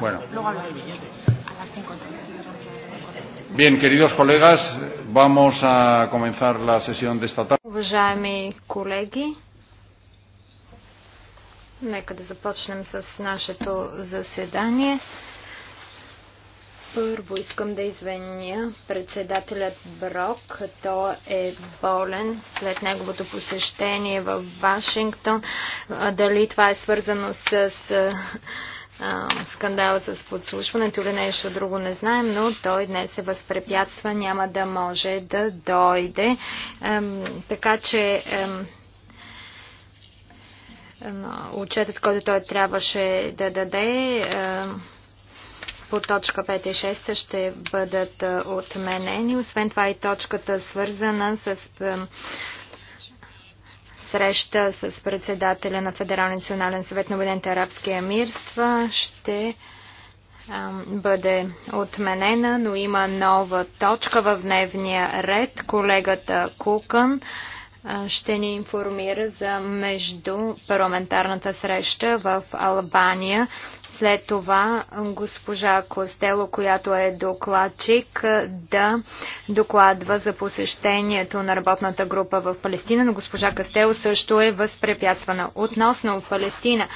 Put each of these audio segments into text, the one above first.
Bueno. Bien, queridos colegas, vamos a comenzar la sesión de esta tarde. Уважаеми колеги, нека да започнем с нашето заседание. Първо искам да извиня председателят Брок. Той е болен след неговото посещение в Вашингтон. Дали това е свързано с скандала с подслушването или нещо друго не знаем, но той днес се възпрепятства, няма да може да дойде. така че отчетът, който той трябваше да даде по точка 5 и 6 ще бъдат е, отменени. Освен това и точката свързана с среща с председателя на Федерален национален съвет на Обединените арабски емирства ще бъде отменена, но има нова точка в дневния ред. Колегата Кукън ще ни информира за междупарламентарната среща в Албания след това госпожа Костело, която е докладчик, да докладва за посещението на работната група в Палестина, но госпожа Костело също е възпрепятствана. Относно Палестина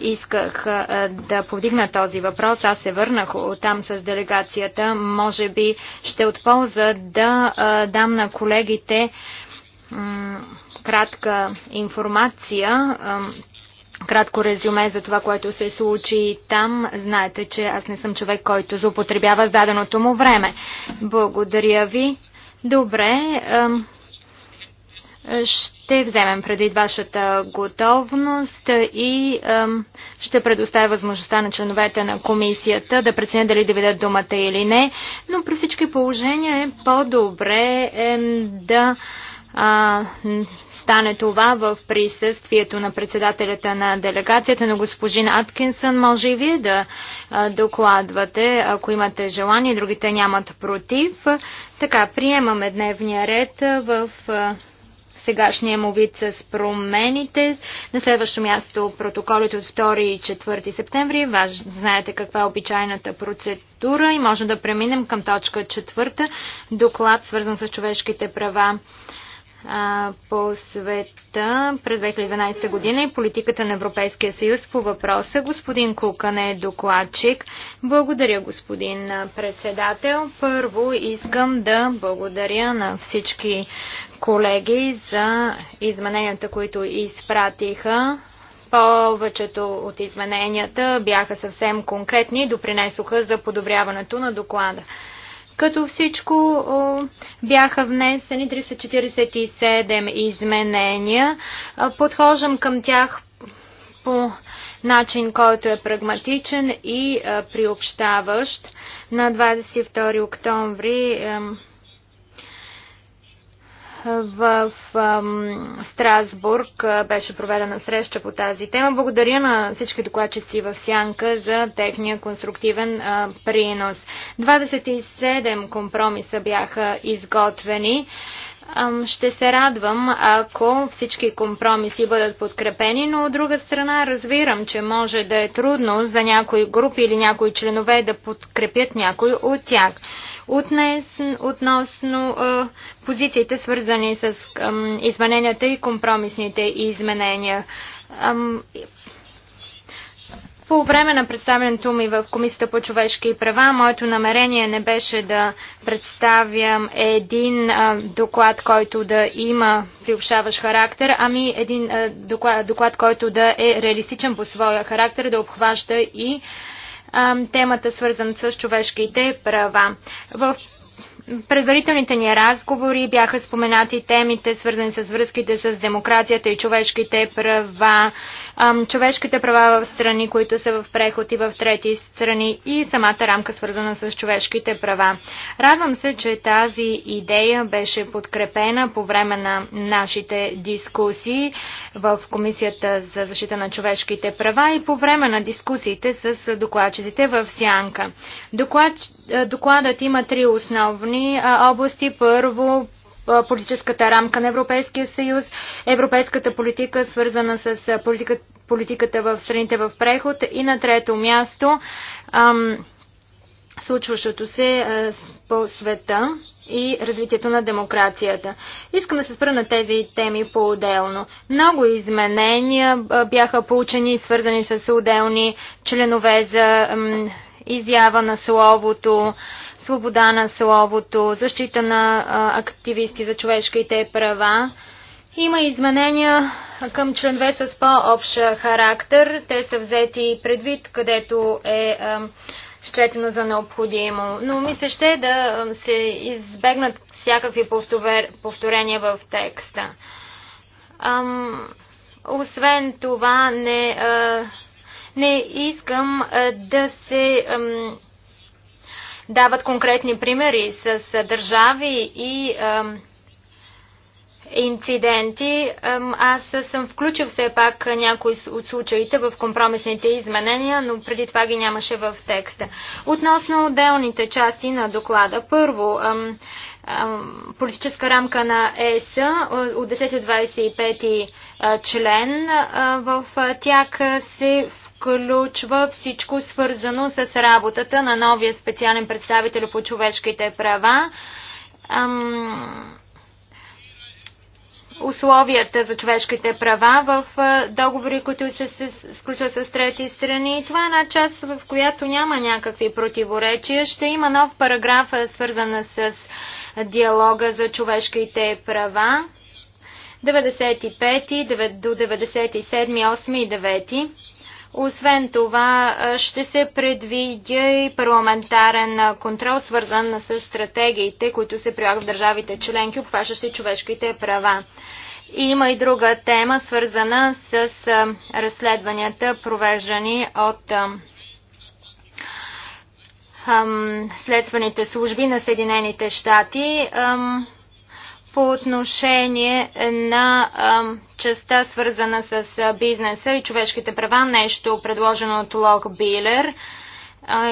исках да повдигна този въпрос. Аз се върнах там с делегацията. Може би ще от полза да дам на колегите кратка информация кратко резюме за това, което се случи там. Знаете, че аз не съм човек, който злоупотребява с даденото му време. Благодаря ви. Добре. Ще вземем предвид вашата готовност и ще предоставя възможността на членовете на комисията да преценят дали да видят думата или не. Но при всички положения е по-добре да стане това в присъствието на председателята на делегацията на госпожин Аткинсън. Може и вие да докладвате, ако имате желание, другите нямат против. Така, приемаме дневния ред в сегашния му вид с промените. На следващо място протоколите от 2 и 4 септември. Важ... Знаете каква е обичайната процедура и може да преминем към точка 4. Доклад свързан с човешките права по света през 2012 година и политиката на Европейския съюз по въпроса. Господин Кукан е докладчик. Благодаря, господин председател. Първо искам да благодаря на всички колеги за измененията, които изпратиха. Повечето от измененията бяха съвсем конкретни и допринесоха за подобряването на доклада като всичко бяха внесени 347 изменения. Подхождам към тях по начин, който е прагматичен и приобщаващ. На 22 октомври в Страсбург беше проведена среща по тази тема. Благодаря на всички докладчици в Сянка за техния конструктивен принос. 27 компромиса бяха изготвени. Ще се радвам, ако всички компромиси бъдат подкрепени, но от друга страна разбирам, че може да е трудно за някои групи или някои членове да подкрепят някой от тях. Отнес, относно позициите, свързани с измененията и компромисните изменения. по време на представянето ми в Комисията по човешки права, моето намерение не беше да представям един доклад, който да има приобщаващ характер, ами един доклад, доклад, който да е реалистичен по своя характер, да обхваща и а, темата свързана с човешките права. В предварителните ни разговори бяха споменати темите, свързани с връзките с демокрацията и човешките права, човешките права в страни, които са в преход и в трети страни и самата рамка свързана с човешките права. Радвам се, че тази идея беше подкрепена по време на нашите дискусии в Комисията за защита на човешките права и по време на дискусиите с докладчиците в Сянка. Доклад, е, докладът има три основни области. Първо, политическата рамка на Европейския съюз, европейската политика, свързана с политиката, политиката в страните в преход и на трето място ам, случващото се а, по света и развитието на демокрацията. Искам да се спра на тези теми по-отделно. Много изменения бяха получени, свързани с отделни членове за ам, изява на словото, свобода на словото, защита на активисти за човешките права. Има изменения към членове с по-общ характер. Те са взети предвид, където е щетено за необходимо. Но ми се ще да се избегнат всякакви повторения в текста. Ам, освен това, не, а, не искам а, да се. Ам, дават конкретни примери с държави и инциденти. Аз съм включил все пак някои от случаите в компромисните изменения, но преди това ги нямаше в текста. Относно отделните части на доклада. Първо, политическа рамка на ЕС от 10-25 член. В тях се включва всичко свързано с работата на новия специален представител по човешките права. Ам, условията за човешките права в договори, които се, сключват с трети страни. И това е една част, в която няма някакви противоречия. Ще има нов параграф, свързан с диалога за човешките права. 95 до 97, 8 и 9. Освен това, ще се предвидя и парламентарен контрол, свързан с стратегиите, които се прилагат в държавите членки, обхващащи човешките права. И има и друга тема, свързана с разследванията, провеждани от следствените служби на Съединените щати по отношение на частта свързана с бизнеса и човешките права, нещо предложено от Лок Билер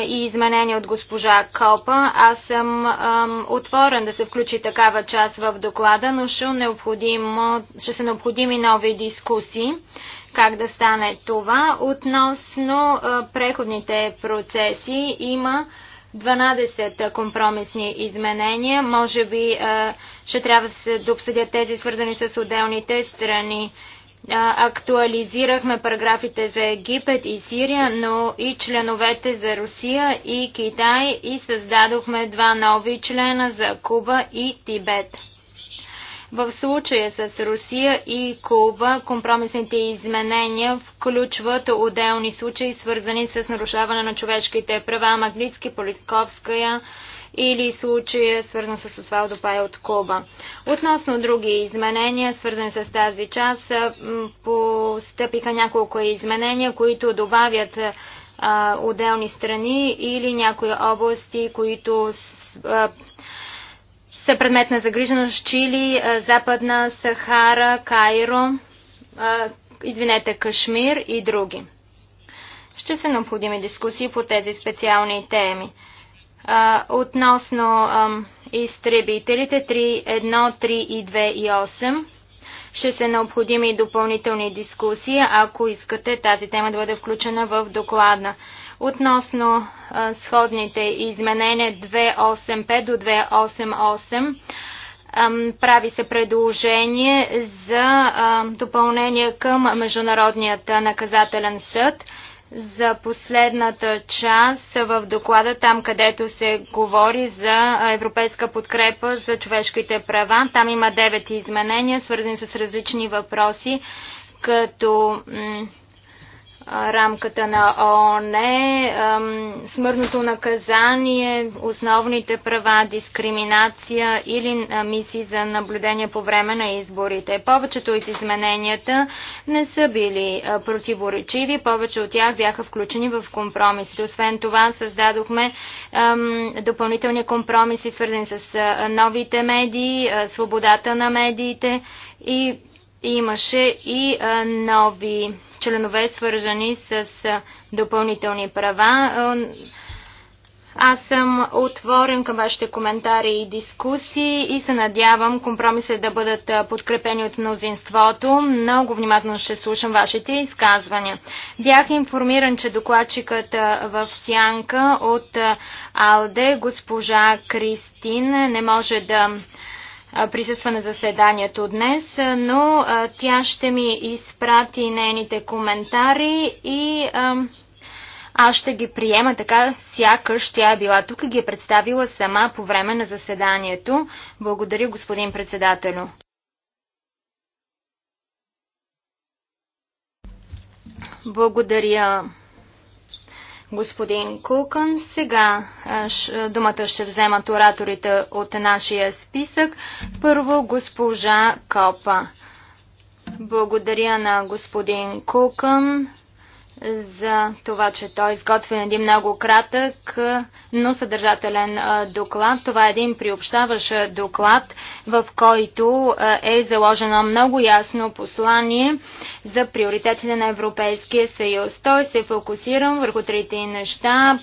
и изменение от госпожа Копа. Аз съм ам, отворен да се включи такава част в доклада, но ще, ще са необходими нови дискусии как да стане това. Относно а, преходните процеси има 12 компромисни изменения. Може би е, ще трябва да се обсъдят тези свързани с отделните страни. Е, актуализирахме параграфите за Египет и Сирия, но и членовете за Русия и Китай и създадохме два нови члена за Куба и Тибет. В случая с Русия и Куба компромисните изменения включват отделни случаи, свързани с нарушаване на човешките права, Магнитски, политковская или случая, свързан с Освалдо Пай от Куба. Относно други изменения, свързани с тази част, постъпиха няколко изменения, които добавят а, отделни страни или някои области, които са предмет на загриженост Чили, Западна Сахара, Кайро, извинете, Кашмир и други. Ще са необходими дискусии по тези специални теми. Относно изтребителите 3.1, 3 и 2 и 8, ще са необходими и допълнителни дискусии, ако искате тази тема да бъде включена в доклада. Относно а, сходните изменения 285 до 288, прави се предложение за допълнение към Международният наказателен съд – за последната част в доклада, там където се говори за европейска подкрепа за човешките права. Там има девет изменения, свързани с различни въпроси, като рамката на ООН, смъртното наказание, основните права, дискриминация или мисии за наблюдение по време на изборите. Повечето от измененията не са били противоречиви, повече от тях бяха включени в компромисите. Освен това създадохме допълнителни компромиси, свързани с новите медии, свободата на медиите и имаше и нови членове, свържени с допълнителни права. Аз съм отворен към вашите коментари и дискусии и се надявам компромисът да бъдат подкрепени от мнозинството. Много внимателно ще слушам вашите изказвания. Бях информиран, че докладчикът в Сянка от Алде, госпожа Кристин, не може да присъства на заседанието днес, но тя ще ми изпрати нейните коментари и аз ще ги приема така, сякаш тя е била тук и ги е представила сама по време на заседанието. Благодаря, господин председателю. Благодаря господин Кулкан. Сега думата ще вземат ораторите от нашия списък. Първо госпожа Копа. Благодаря на господин Кулкан за това, че той изготвя един много кратък, но съдържателен доклад. Това е един приобщаващ доклад, в който е заложено много ясно послание за приоритетите на Европейския съюз. Той се фокусира върху трите неща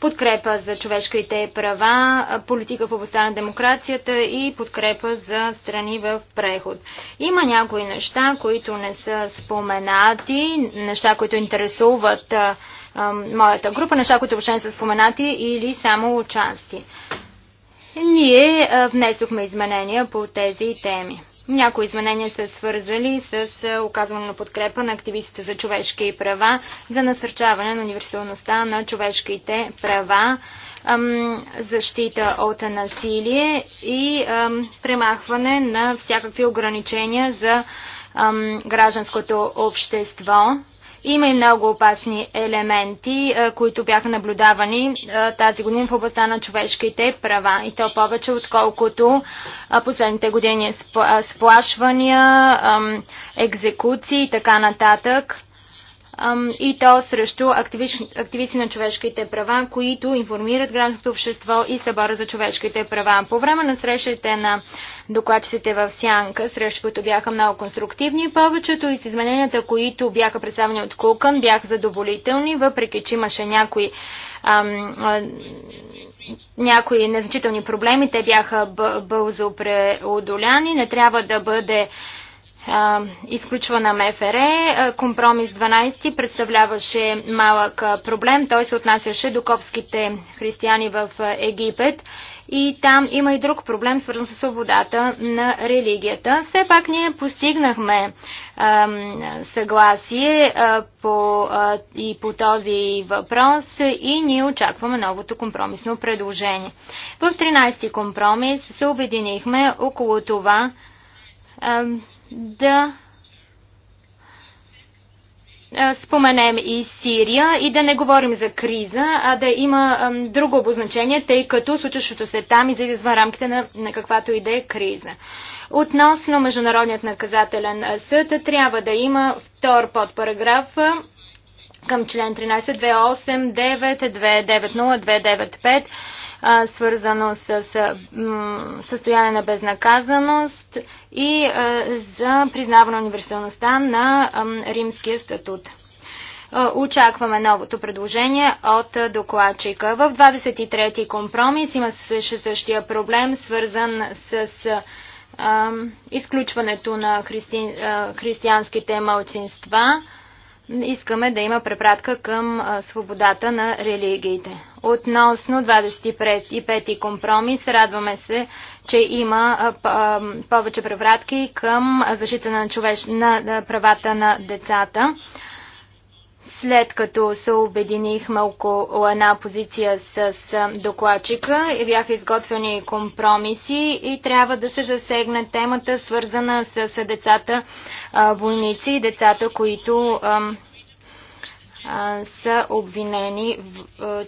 подкрепа за човешките права, политика в областта на демокрацията и подкрепа за страни в преход. Има някои неща, които не са споменати, неща, които интересуват а, а, моята група, неща, които въобще не са споменати или само участи. Ние внесохме изменения по тези теми. Някои изменения са свързали с е, оказване на подкрепа на активистите за човешки права, за насърчаване на универсалността на човешките права, защита от насилие и премахване на всякакви ограничения за гражданското общество. Има и много опасни елементи, които бяха наблюдавани тази година в областта на човешките права. И то повече, отколкото последните години сплашвания, екзекуции и така нататък и то срещу активисти на човешките права, които информират гражданското общество и събора за човешките права. По време на срещите на докладчиците в Сянка, срещу които бяха много конструктивни, повечето из измененията, които бяха представени от Кулкан, бяха задоволителни, въпреки че имаше някои ам, някои незначителни проблеми, те бяха бълзо преодоляни, не трябва да бъде изключва на МФР. Е. Компромис 12 представляваше малък проблем. Той се отнасяше до копските християни в Египет. И там има и друг проблем, свързан с свободата на религията. Все пак ние постигнахме а, съгласие а, по, а, и по този въпрос и ние очакваме новото компромисно предложение. В 13 ти компромис се обединихме около това, да споменем и Сирия и да не говорим за криза, а да има друго обозначение, тъй като случващото се там излиза извън рамките на, на каквато и да е криза. Относно Международният наказателен съд, трябва да има втор подпараграф към член 13 28 9 2 2 9 0 9 5 свързано с състояние на безнаказаност и за признаване универсалността на римския статут. Очакваме новото предложение от докладчика. В 23-ти компромис има същия проблем, свързан с изключването на христи... християнските мълчинства искаме да има препратка към свободата на религиите. Относно 25-ти компромис, радваме се, че има повече превратки към защита на, на правата на децата. След като се обединихме около една позиция с докладчика, бяха изготвени компромиси и трябва да се засегне темата, свързана с децата войници и децата, които са обвинени,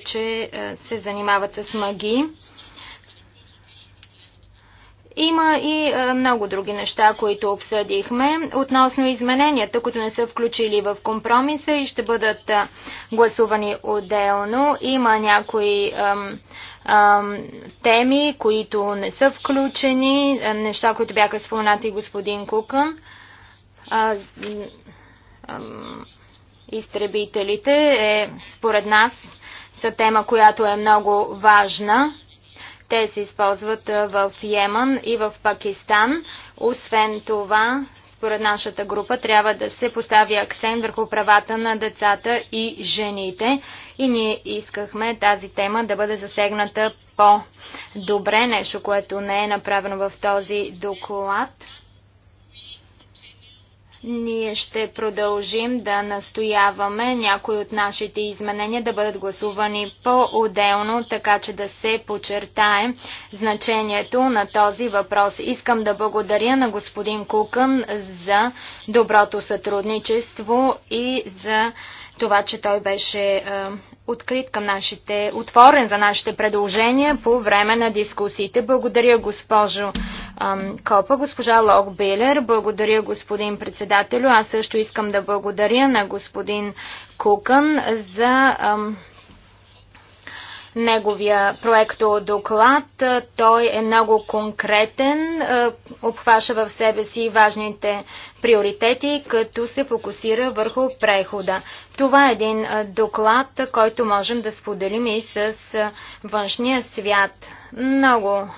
че се занимават с магии. Има и е, много други неща, които обсъдихме относно измененията, които не са включили в компромиса и ще бъдат е, гласувани отделно. Има някои теми, които не са включени, е, неща, които бяха спомнати господин Кукън. изтребителите е, според нас са тема, която е много важна те се използват в Йемен и в Пакистан. Освен това, според нашата група, трябва да се постави акцент върху правата на децата и жените. И ние искахме тази тема да бъде засегната по-добре, нещо, което не е направено в този доклад. Ние ще продължим да настояваме някои от нашите изменения да бъдат гласувани по-отделно, така че да се почертае значението на този въпрос. Искам да благодаря на господин Кукън за доброто сътрудничество и за това, че той беше е, открит към нашите, отворен за нашите предложения по време на дискусиите. Благодаря госпожо ам, Копа, госпожа Лок Билер, благодаря господин председателю. Аз също искам да благодаря на господин Кукан за ам, неговия проекто доклад. Е, той е много конкретен, е, обхваща в себе си важните приоритети, като се фокусира върху прехода. Това е един е, доклад, който можем да споделим и с външния свят. Много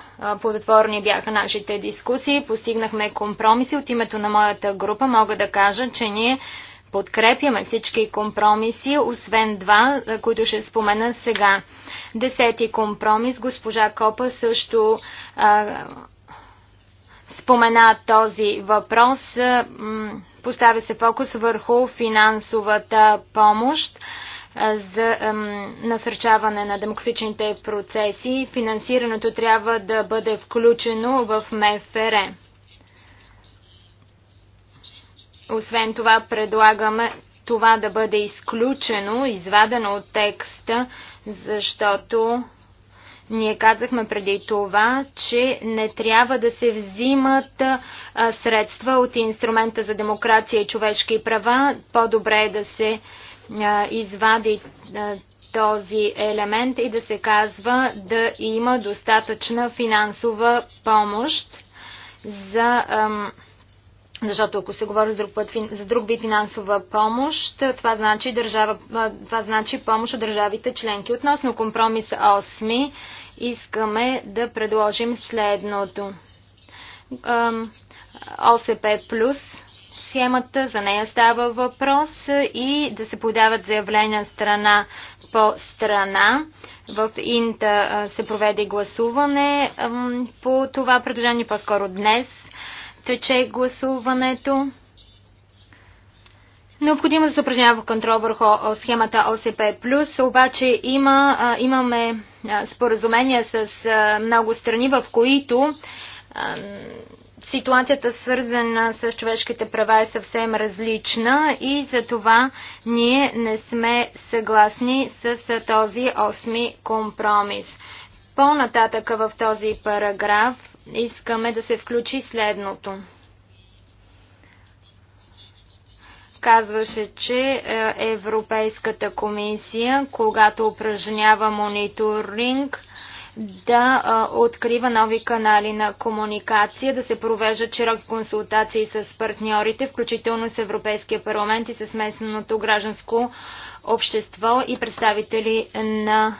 плодотворни бяха нашите дискусии, постигнахме компромиси от името на моята група. Мога да кажа, че ние подкрепяме всички компромиси, освен два, е, които ще спомена сега. Десети компромис, госпожа Копа също а, е, спомена този въпрос. Е, поставя се фокус върху финансовата помощ за насърчаване на демократичните процеси. Финансирането трябва да бъде включено в МФР. Освен това предлагаме това да бъде изключено, извадено от текста, защото ние казахме преди това, че не трябва да се взимат средства от инструмента за демокрация и човешки права. По-добре е да се извади този елемент и да се казва да има достатъчна финансова помощ за защото ако се говори друг път, за друг вид финансова помощ, това значи, държава, това значи помощ от държавите членки. Относно компромис 8 искаме да предложим следното. ОСП плюс схемата, за нея става въпрос и да се подават заявления страна по страна. В Инта се проведе гласуване по това предложение по-скоро днес тече гласуването. Необходимо е да се упражнява контрол върху схемата ОСП+. Обаче има, имаме споразумения с много страни, в които ситуацията свързана с човешките права е съвсем различна и за това ние не сме съгласни с този осми компромис. По-нататък в този параграф искаме да се включи следното. казваше, че е, Европейската комисия, когато упражнява мониторинг, да е, открива нови канали на комуникация, да се провежда широки консултации с партньорите, включително с Европейския парламент и с местното гражданско общество и представители на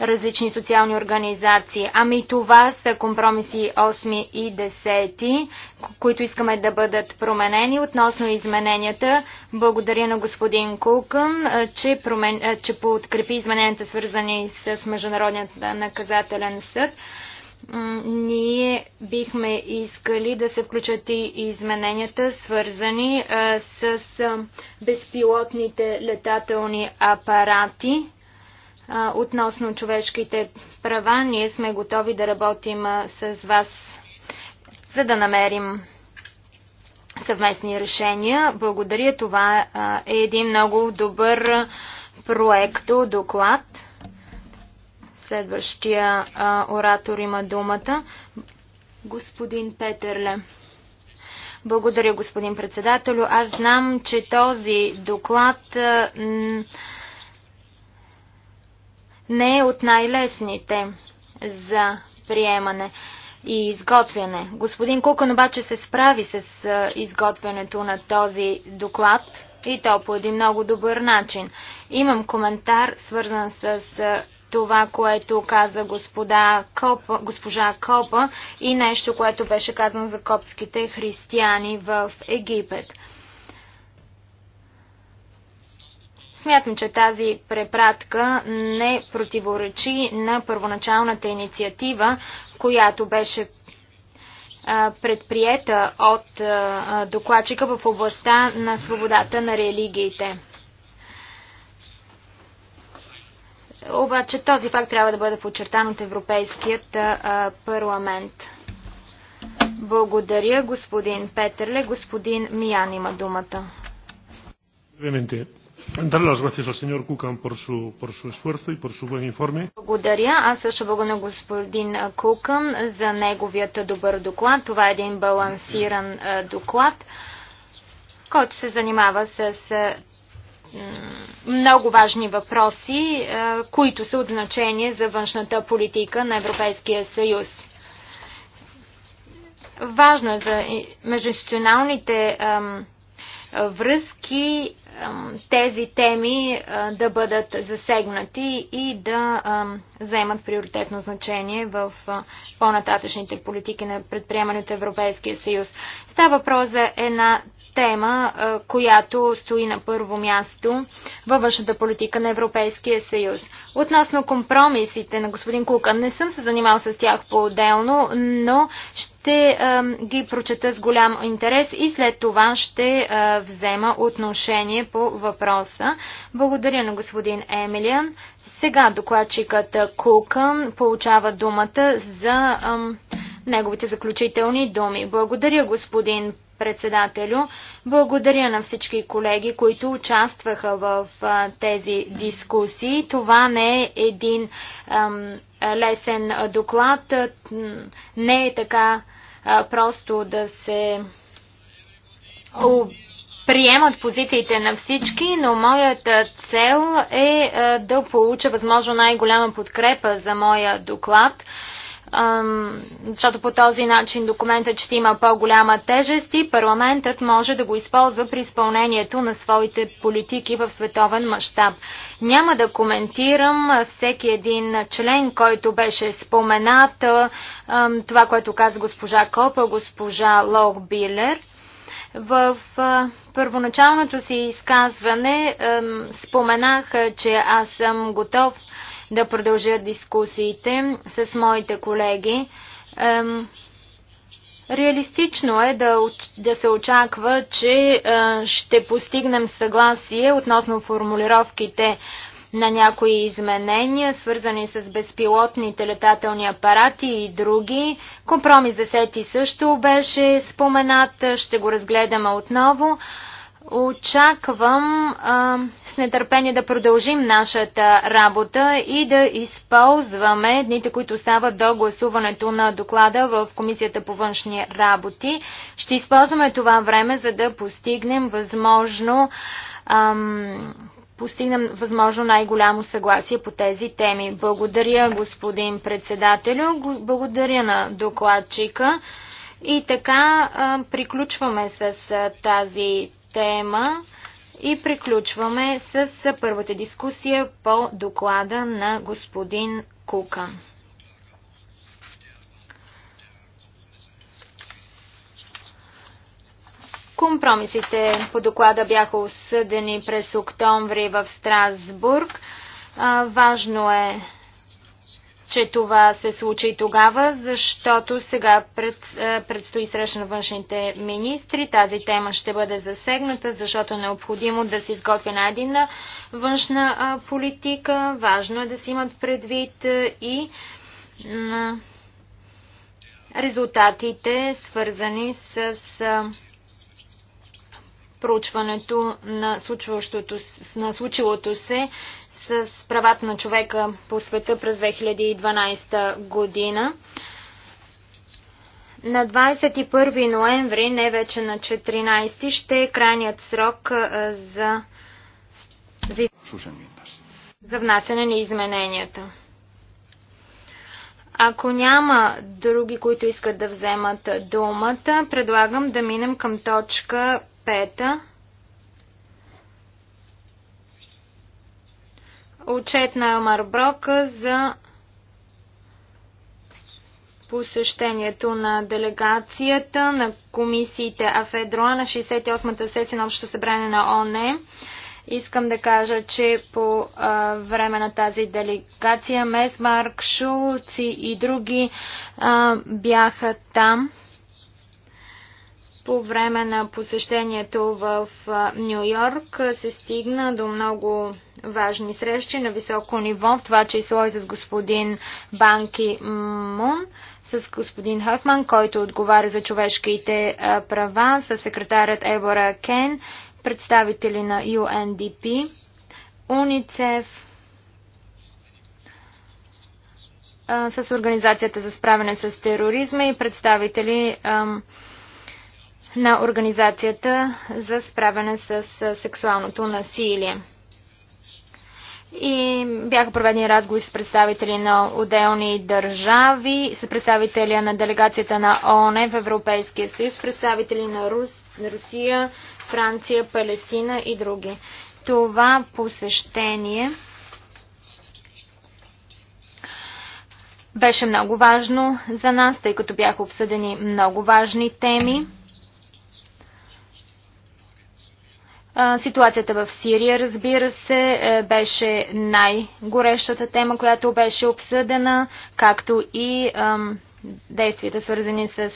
различни социални организации. Ами това са компромиси 8 и 10, които искаме да бъдат променени относно измененията. Благодаря на господин Кулкън, че, промен... че подкрепи измененията свързани с Международният наказателен съд. Ние бихме искали да се включат и измененията, свързани с безпилотните летателни апарати относно човешките права, ние сме готови да работим с вас, за да намерим съвместни решения. Благодаря. Това е един много добър проекто доклад. Следващия оратор има думата. Господин Петерле. Благодаря, господин председател. Аз знам, че този доклад не е от най-лесните за приемане и изготвяне. Господин Кукън обаче се справи с изготвянето на този доклад и то по един много добър начин. Имам коментар, свързан с това, което каза господа Копа, госпожа Копа и нещо, което беше казано за копските християни в Египет. Смятам, че тази препратка не противоречи на първоначалната инициатива, която беше предприета от докладчика в областта на свободата на религиите. Обаче този факт трябва да бъде подчертан от Европейският парламент. Благодаря, господин Петърле. Господин Миян има думата. Благодаря. Аз също благодаря на господин Кукан за неговият добър доклад. Това е един балансиран е, доклад, който се занимава с е, много важни въпроси, е, които са от значение за външната политика на Европейския съюз. Важно е за междуинституционалните връзки тези теми да бъдат засегнати и да вземат приоритетно значение в по-нататъчните политики на предприемане от Европейския съюз. Става въпрос за една тема, която стои на първо място във външната политика на Европейския съюз. Относно компромисите на господин Кука, не съм се занимал с тях по-отделно, но ще ги прочета с голям интерес и след това ще взема отношение по въпроса. Благодаря на господин Емилиан. Сега докладчикът Кука получава думата за неговите заключителни думи. Благодаря, господин председателю. Благодаря на всички колеги, които участваха в тези дискусии. Това не е един ам, лесен доклад. Не е така а, просто да се приемат позициите на всички, но моята цел е да получа възможно най-голяма подкрепа за моя доклад защото по този начин документът ще има по-голяма тежест и парламентът може да го използва при изпълнението на своите политики в световен мащаб. Няма да коментирам всеки един член, който беше споменат, това, което каза госпожа Копа, госпожа Лох Билер. В първоначалното си изказване споменах, че аз съм готов да продължа дискусиите с моите колеги. Реалистично е да, да се очаква, че е, ще постигнем съгласие относно формулировките на някои изменения, свързани с безпилотните летателни апарати и други. Компромис 10 също беше споменат, ще го разгледаме отново. Очаквам а, с нетърпение да продължим нашата работа и да използваме дните, които стават до гласуването на доклада в Комисията по външни работи. Ще използваме това време, за да постигнем възможно, ам, постигнем възможно най-голямо съгласие по тези теми. Благодаря, господин председателю. Благодаря на докладчика. И така а, приключваме с а, тази тема и приключваме с първата дискусия по доклада на господин Кукан. Компромисите по доклада бяха осъдени през октомври в Страсбург. Важно е че това се случи тогава, защото сега пред, е, предстои среща на външните министри. Тази тема ще бъде засегната, защото е необходимо да се изготви на един външна е, политика. Важно е да се имат предвид е, и резултатите, свързани с проучването на, на случилото се с правата на човека по света през 2012 година. На 21 ноември, не вече на 14, ще е крайният срок за, за, за внасяне на измененията. Ако няма други, които искат да вземат думата, предлагам да минем към точка 5. Отчет на Брока за посещението на делегацията на комисиите Афедроа на 68-та сесия на Общото събрание на ОНЕ. Искам да кажа, че по а, време на тази делегация Месмарк, Шулци и други а, бяха там. По време на посещението в Нью Йорк се стигна до много важни срещи на високо ниво, в това число и с господин Банки Мун, с господин Хъфман, който отговаря за човешките права, с секретарят Ебора Кен, представители на UNDP, УНИЦЕФ, с Организацията за справяне с тероризма и представители на Организацията за справяне с сексуалното насилие. И бяха проведени разговори с представители на отделни държави, с представители на делегацията на ООН в Европейския съюз, представители на Рус, Русия, Франция, Палестина и други. Това посещение беше много важно за нас, тъй като бяха обсъдени много важни теми. Ситуацията в Сирия, разбира се, е, беше най-горещата тема, която беше обсъдена, както и действията свързани с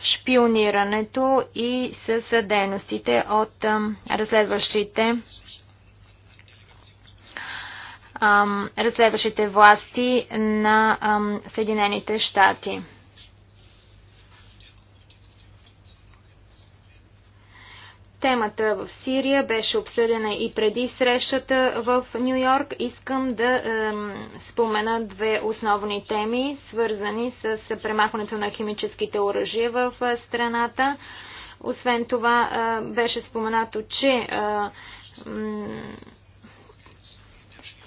шпионирането и с дейностите от разследващите разследващите власти на Съединените щати. Темата в Сирия беше обсъдена и преди срещата в Нью Йорк. Искам да е, спомена две основни теми, свързани с премахването на химическите оръжия в е, страната. Освен това е, беше споменато, че е,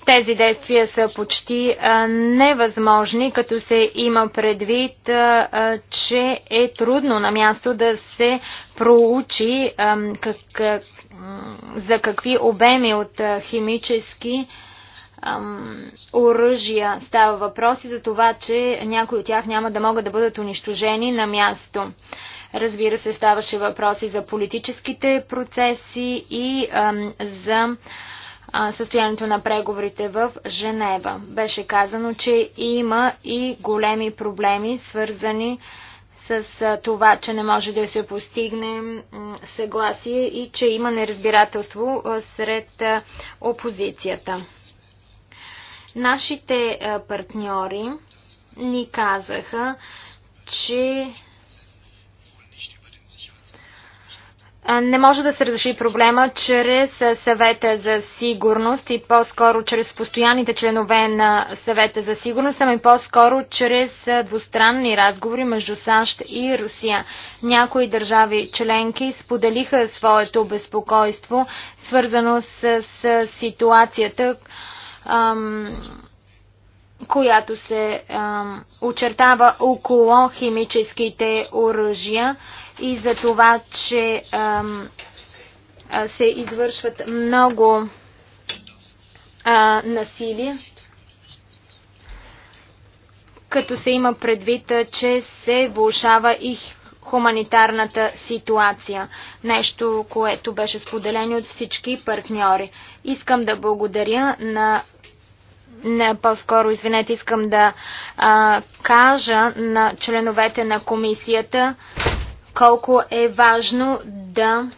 тези действия са почти невъзможни, като се има предвид, че е трудно на място да се проучи как, за какви обеми от химически оръжия става въпрос и за това, че някои от тях няма да могат да бъдат унищожени на място. Разбира се, ставаше въпроси за политическите процеси и ам, за състоянието на преговорите в Женева. Беше казано, че има и големи проблеми, свързани с това, че не може да се постигне съгласие и че има неразбирателство сред опозицията. Нашите партньори ни казаха, че Не може да се разреши проблема чрез съвета за сигурност и по-скоро чрез постоянните членове на съвета за сигурност, ами по-скоро чрез двустранни разговори между САЩ и Русия. Някои държави членки споделиха своето безпокойство, свързано с, ситуацията. Ам която се а, очертава около химическите оръжия и за това, че а, се извършват много а, насилие, като се има предвид, че се влушава и хуманитарната ситуация. Нещо, което беше споделено от всички партньори. Искам да благодаря на не по-скоро, извинете, искам да а, кажа на членовете на комисията колко е важно да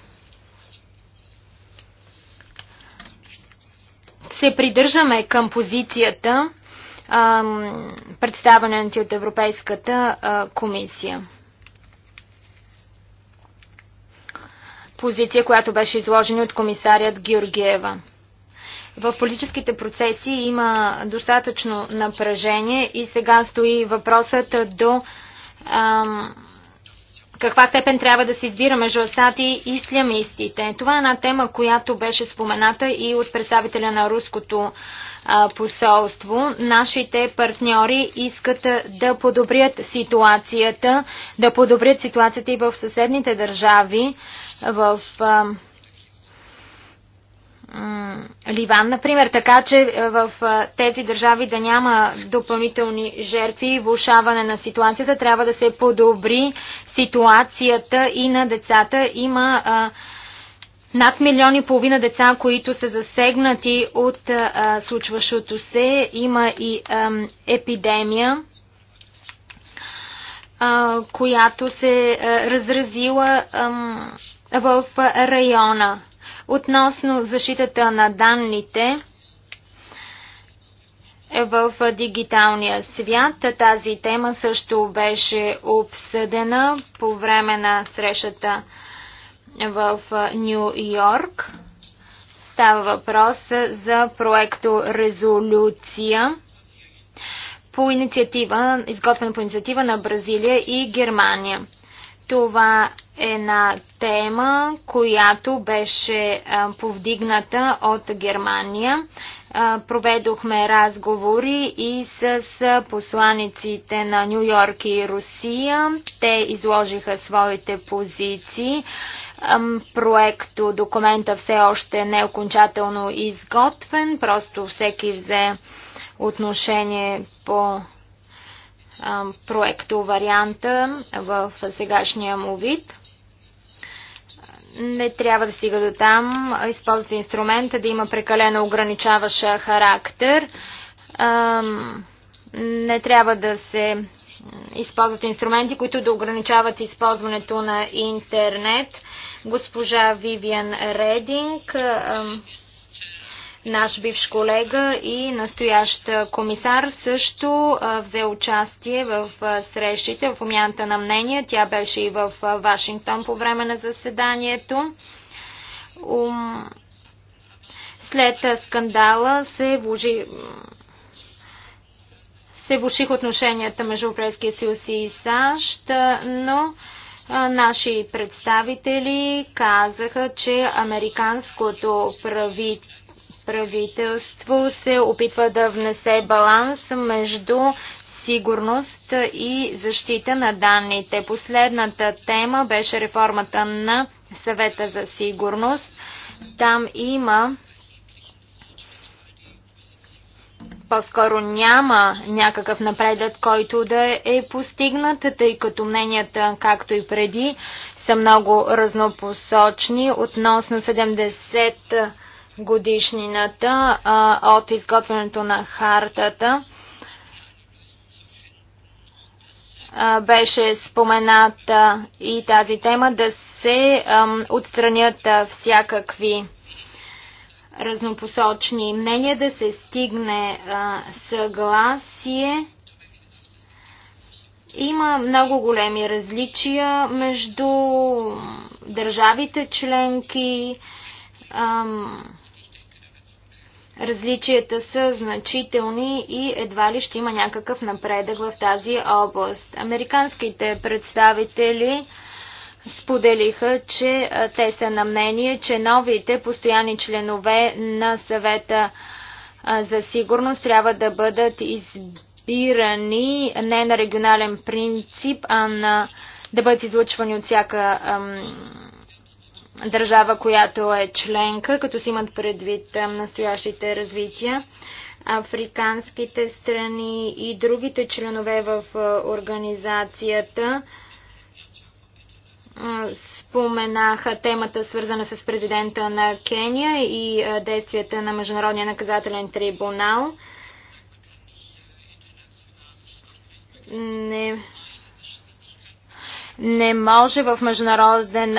се придържаме към позицията а, представена от Европейската а, комисия. Позиция, която беше изложена от комисарият Георгиева в политическите процеси има достатъчно напрежение и сега стои въпросът до ам, каква степен трябва да се избира между Асати и ислямистите. Това е една тема, която беше спомената и от представителя на руското посолство. Нашите партньори искат да подобрят ситуацията, да подобрят ситуацията и в съседните държави, в Ливан, например, така че е, в е, тези държави да няма допълнителни жертви и влушаване на ситуацията, трябва да се подобри ситуацията и на децата. Има над милиони и половина деца, които са засегнати от случващото се. Има и епидемия която се е, разразила в района. Относно защитата на данните в дигиталния свят, тази тема също беше обсъдена по време на срещата в Нью Йорк. Става въпрос за проекто резолюция по инициатива, изготвена по инициатива на Бразилия и Германия. Това е една тема, която беше повдигната от Германия. Проведохме разговори и с посланиците на Нью Йорк и Русия. Те изложиха своите позиции. Проекто документа все още не е окончателно изготвен, просто всеки взе отношение по проекто варианта в сегашния му вид. Не трябва да стига до там. Използва инструмента да има прекалено ограничаващ характер. Не трябва да се използват инструменти, които да ограничават използването на интернет. Госпожа Вивиан Рединг наш бивш колега и настоящ комисар, също взе участие в срещите, в умяната на мнение. Тя беше и в Вашингтон по време на заседанието. След скандала се вложи се влуших отношенията между Европейския съюз и САЩ, но наши представители казаха, че американското правителство правителство се опитва да внесе баланс между сигурност и защита на данните. Последната тема беше реформата на съвета за сигурност. Там има по-скоро няма някакъв напредък, който да е постигнат, тъй като мненията, както и преди, са много разнопосочни относно 70 годишнината а, от изготвянето на хартата. А, беше спомената и тази тема да се а, отстранят а, всякакви разнопосочни мнения, да се стигне а, съгласие. Има много големи различия между държавите членки различията са значителни и едва ли ще има някакъв напредък в тази област. Американските представители споделиха, че те са на мнение, че новите постоянни членове на съвета за сигурност трябва да бъдат избирани не на регионален принцип, а на да бъдат излъчвани от всяка ам, държава, която е членка, като си имат предвид настоящите развития. Африканските страни и другите членове в организацията споменаха темата свързана с президента на Кения и действията на Международния наказателен трибунал. Не не може в международен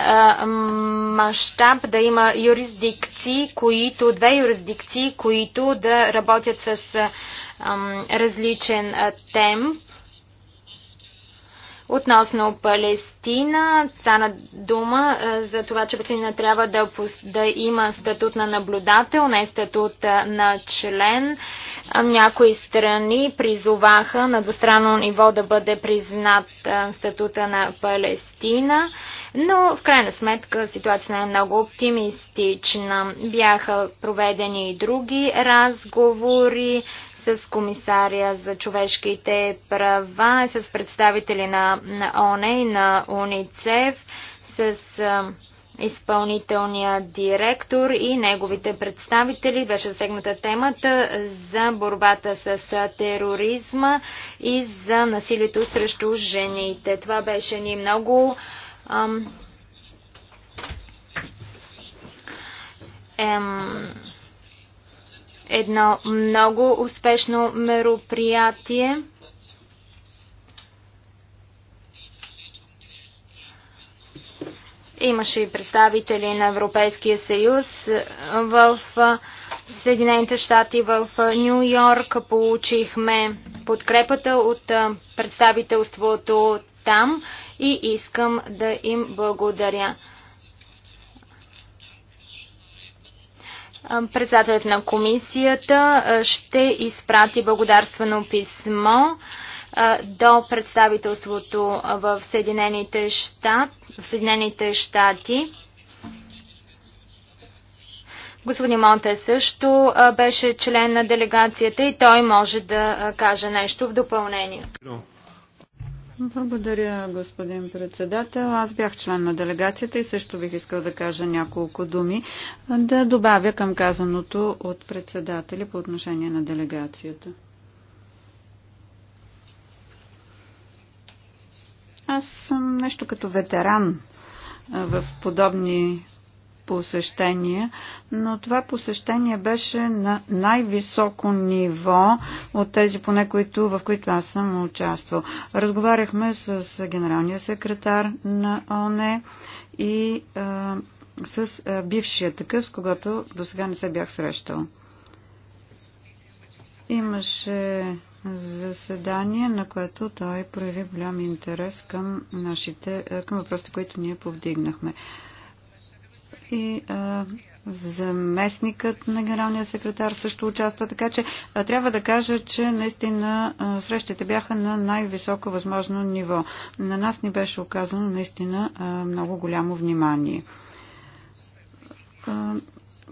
мащаб да има юрисдикции, които, две юрисдикции, които да работят с различен темп Относно Палестина, стана дума е, за това, че Палестина трябва да, да има статут на наблюдател, не статут е, на член. Е, някои страни призоваха на двустранно ниво да бъде признат статута на Палестина, но в крайна сметка ситуацията е много оптимистична. Бяха проведени и други разговори с комисария за човешките права, с представители на, ОНЕ и на УНИЦЕФ, с изпълнителния директор и неговите представители. Беше сегната темата за борбата с тероризма и за насилието срещу жените. Това беше ни много ам, ем, едно много успешно мероприятие. Имаше и представители на Европейския съюз в Съединените щати в Нью Йорк. Получихме подкрепата от представителството там и искам да им благодаря. Председателят на комисията ще изпрати благодарствено писмо до представителството в Съединените, щат, в Съединените щати. Господин Монте също беше член на делегацията и той може да каже нещо в допълнение. Благодаря, господин председател. Аз бях член на делегацията и също бих искал да кажа няколко думи, да добавя към казаното от председателя по отношение на делегацията. Аз съм нещо като ветеран в подобни посещение, но това посещение беше на най-високо ниво от тези поне, които, в които аз съм участвал. Разговаряхме с генералния секретар на ОНЕ и а, с а, бившия такъв, с когато до сега не се бях срещал. Имаше заседание, на което той прояви голям интерес към, нашите, към въпросите, които ние повдигнахме и заместникът на генералния секретар също участва. Така че трябва да кажа, че наистина срещите бяха на най-високо възможно ниво. На нас ни беше оказано наистина много голямо внимание.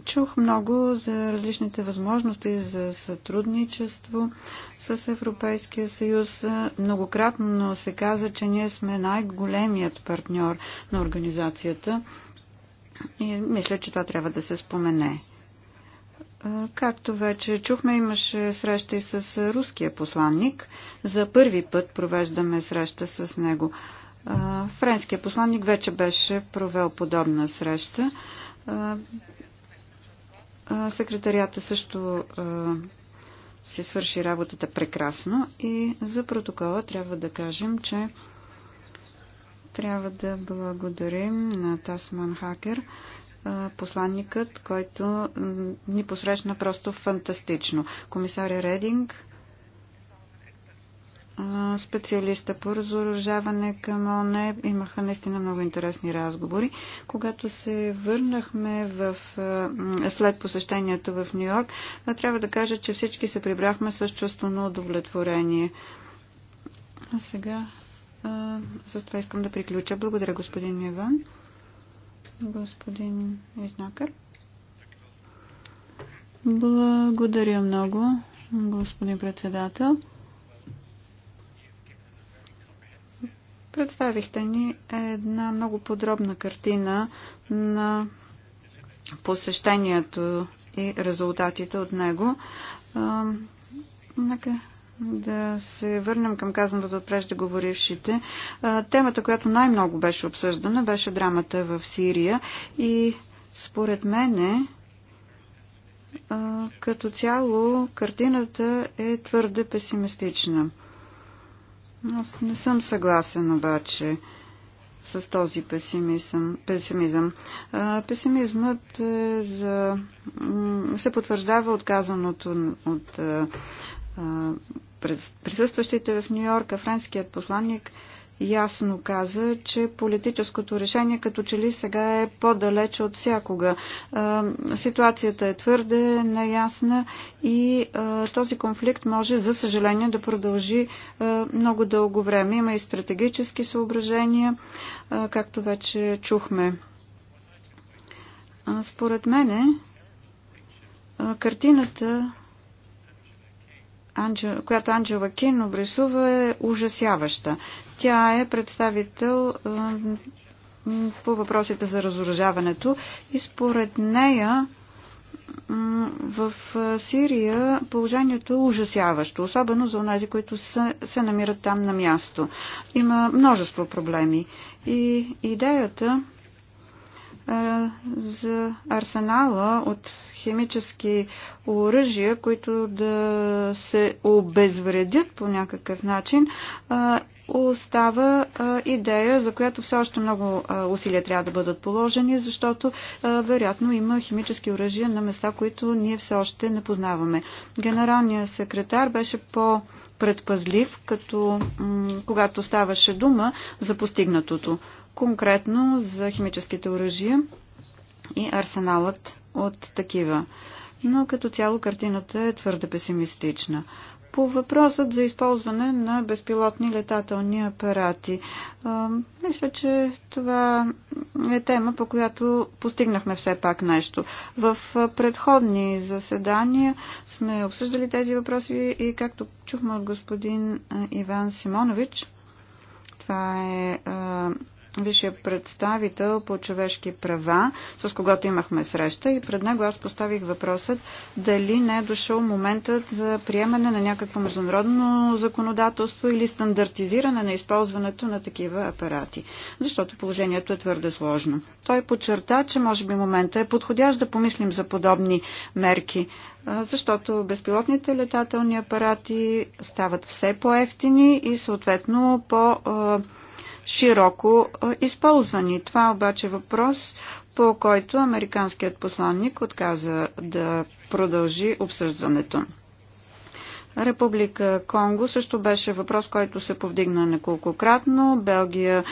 Чух много за различните възможности за сътрудничество с Европейския съюз. Многократно се каза, че ние сме най-големият партньор на организацията и мисля, че това трябва да се спомене. Както вече чухме, имаше среща и с руския посланник. За първи път провеждаме среща с него. Френският посланник вече беше провел подобна среща. Секретарията също се свърши работата прекрасно и за протокола трябва да кажем, че трябва да благодарим на Тасман Хакер, посланникът, който ни посрещна просто фантастично. Комисаря Рединг, специалиста по разоръжаване към ОНЕ. Имаха наистина много интересни разговори. Когато се върнахме в, след посещението в Нью Йорк, трябва да кажа, че всички се прибрахме с чувство на удовлетворение. А сега с това искам да приключа. Благодаря, господин Иван. Господин Изнакър. Благодаря много, господин председател. Представихте ни една много подробна картина на посещението и резултатите от него. Нека да се върнем към казаното от преждеговорившите. Темата, която най-много беше обсъждана, беше драмата в Сирия и според мене като цяло картината е твърде песимистична. Аз не съм съгласен обаче с този песимизъм. песимизъм. Песимизмът е за, се потвърждава отказаното от присъстващите в Нью Йорк, френският посланник ясно каза, че политическото решение като че ли сега е по-далече от всякога. Ситуацията е твърде неясна и този конфликт може, за съжаление, да продължи много дълго време. Има и стратегически съображения, както вече чухме. Според мене, картината Анджел, която Анджела Кин обрисува е ужасяваща. Тя е представител по въпросите за разоръжаването и според нея в Сирия положението е ужасяващо, особено за тези, които се, се намират там на място. Има множество проблеми и идеята за арсенала от химически оръжия, които да се обезвредят по някакъв начин, остава идея, за която все още много усилия трябва да бъдат положени, защото вероятно има химически оръжия на места, които ние все още не познаваме. Генералният секретар беше по предпазлив, като когато ставаше дума за постигнатото конкретно за химическите оръжия и арсеналът от такива. Но като цяло картината е твърде песимистична. По въпросът за използване на безпилотни летателни апарати. Мисля, че това е тема, по която постигнахме все пак нещо. В предходни заседания сме обсъждали тези въпроси и както чухме от господин Иван Симонович, това е висшия представител по човешки права, с когато имахме среща и пред него аз поставих въпросът дали не е дошъл моментът за приемане на някакво международно законодателство или стандартизиране на използването на такива апарати, защото положението е твърде сложно. Той подчерта, че може би момента е подходящ да помислим за подобни мерки, защото безпилотните летателни апарати стават все по-ефтини и съответно по- широко използвани. Това обаче е въпрос, по който американският посланник отказа да продължи обсъждането. Република Конго също беше въпрос, който се повдигна неколкократно. Белгия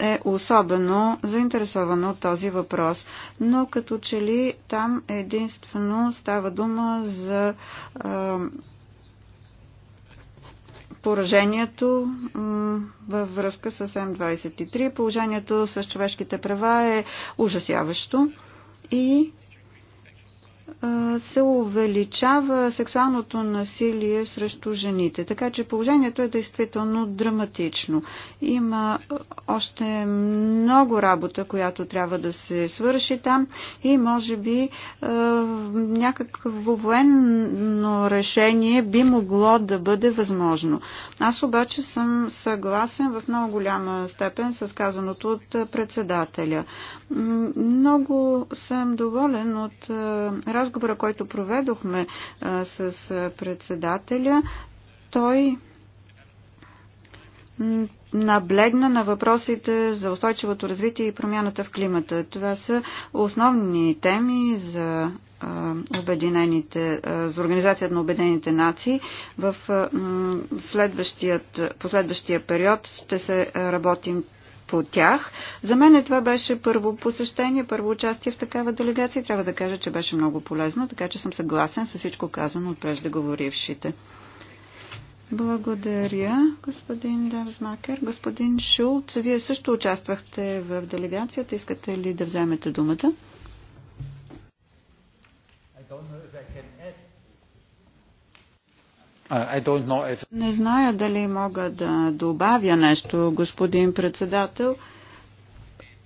е особено заинтересована от този въпрос, но като че ли там единствено става дума за поражението във връзка с М23. Положението с човешките права е ужасяващо и се увеличава сексуалното насилие срещу жените. Така че положението е действително драматично. Има още много работа, която трябва да се свърши там и може би някакво военно решение би могло да бъде възможно. Аз обаче съм съгласен в много голяма степен с казаното от председателя. Много съм доволен от разговора разговора, който проведохме с председателя, той наблегна на въпросите за устойчивото развитие и промяната в климата. Това са основни теми за Обединените, за Организацията на Обединените нации. В следващият, последващия период ще се работим по тях. За мен е това беше първо посещение, първо участие в такава делегация и трябва да кажа, че беше много полезно, така че съм съгласен с всичко казано от преждеговорившите. Благодаря, господин Левзмакер. Господин Шулц, вие също участвахте в делегацията. Искате ли да вземете думата? I don't know if I can add не зная дали мога да добавя нещо, господин председател,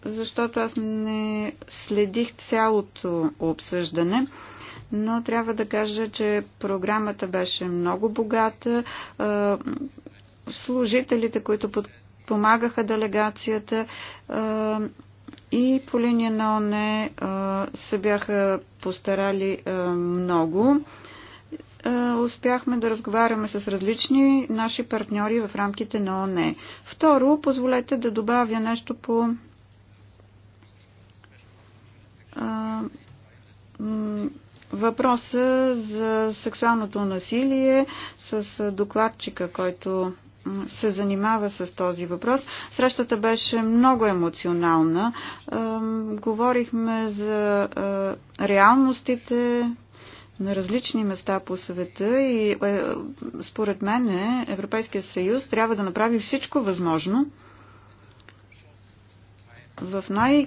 защото аз не следих цялото обсъждане но трябва да кажа, че програмата беше много богата. Служителите, които помагаха делегацията и по линия на ОНЕ се бяха постарали много. Е, успяхме да разговаряме с различни наши партньори в рамките на ОНЕ. Второ, позволете да добавя нещо по е, въпроса за сексуалното насилие с докладчика, който се занимава с този въпрос. Срещата беше много емоционална. Говорихме за е, реалностите, на различни места по света и е, според мен Европейския съюз трябва да направи всичко възможно в най-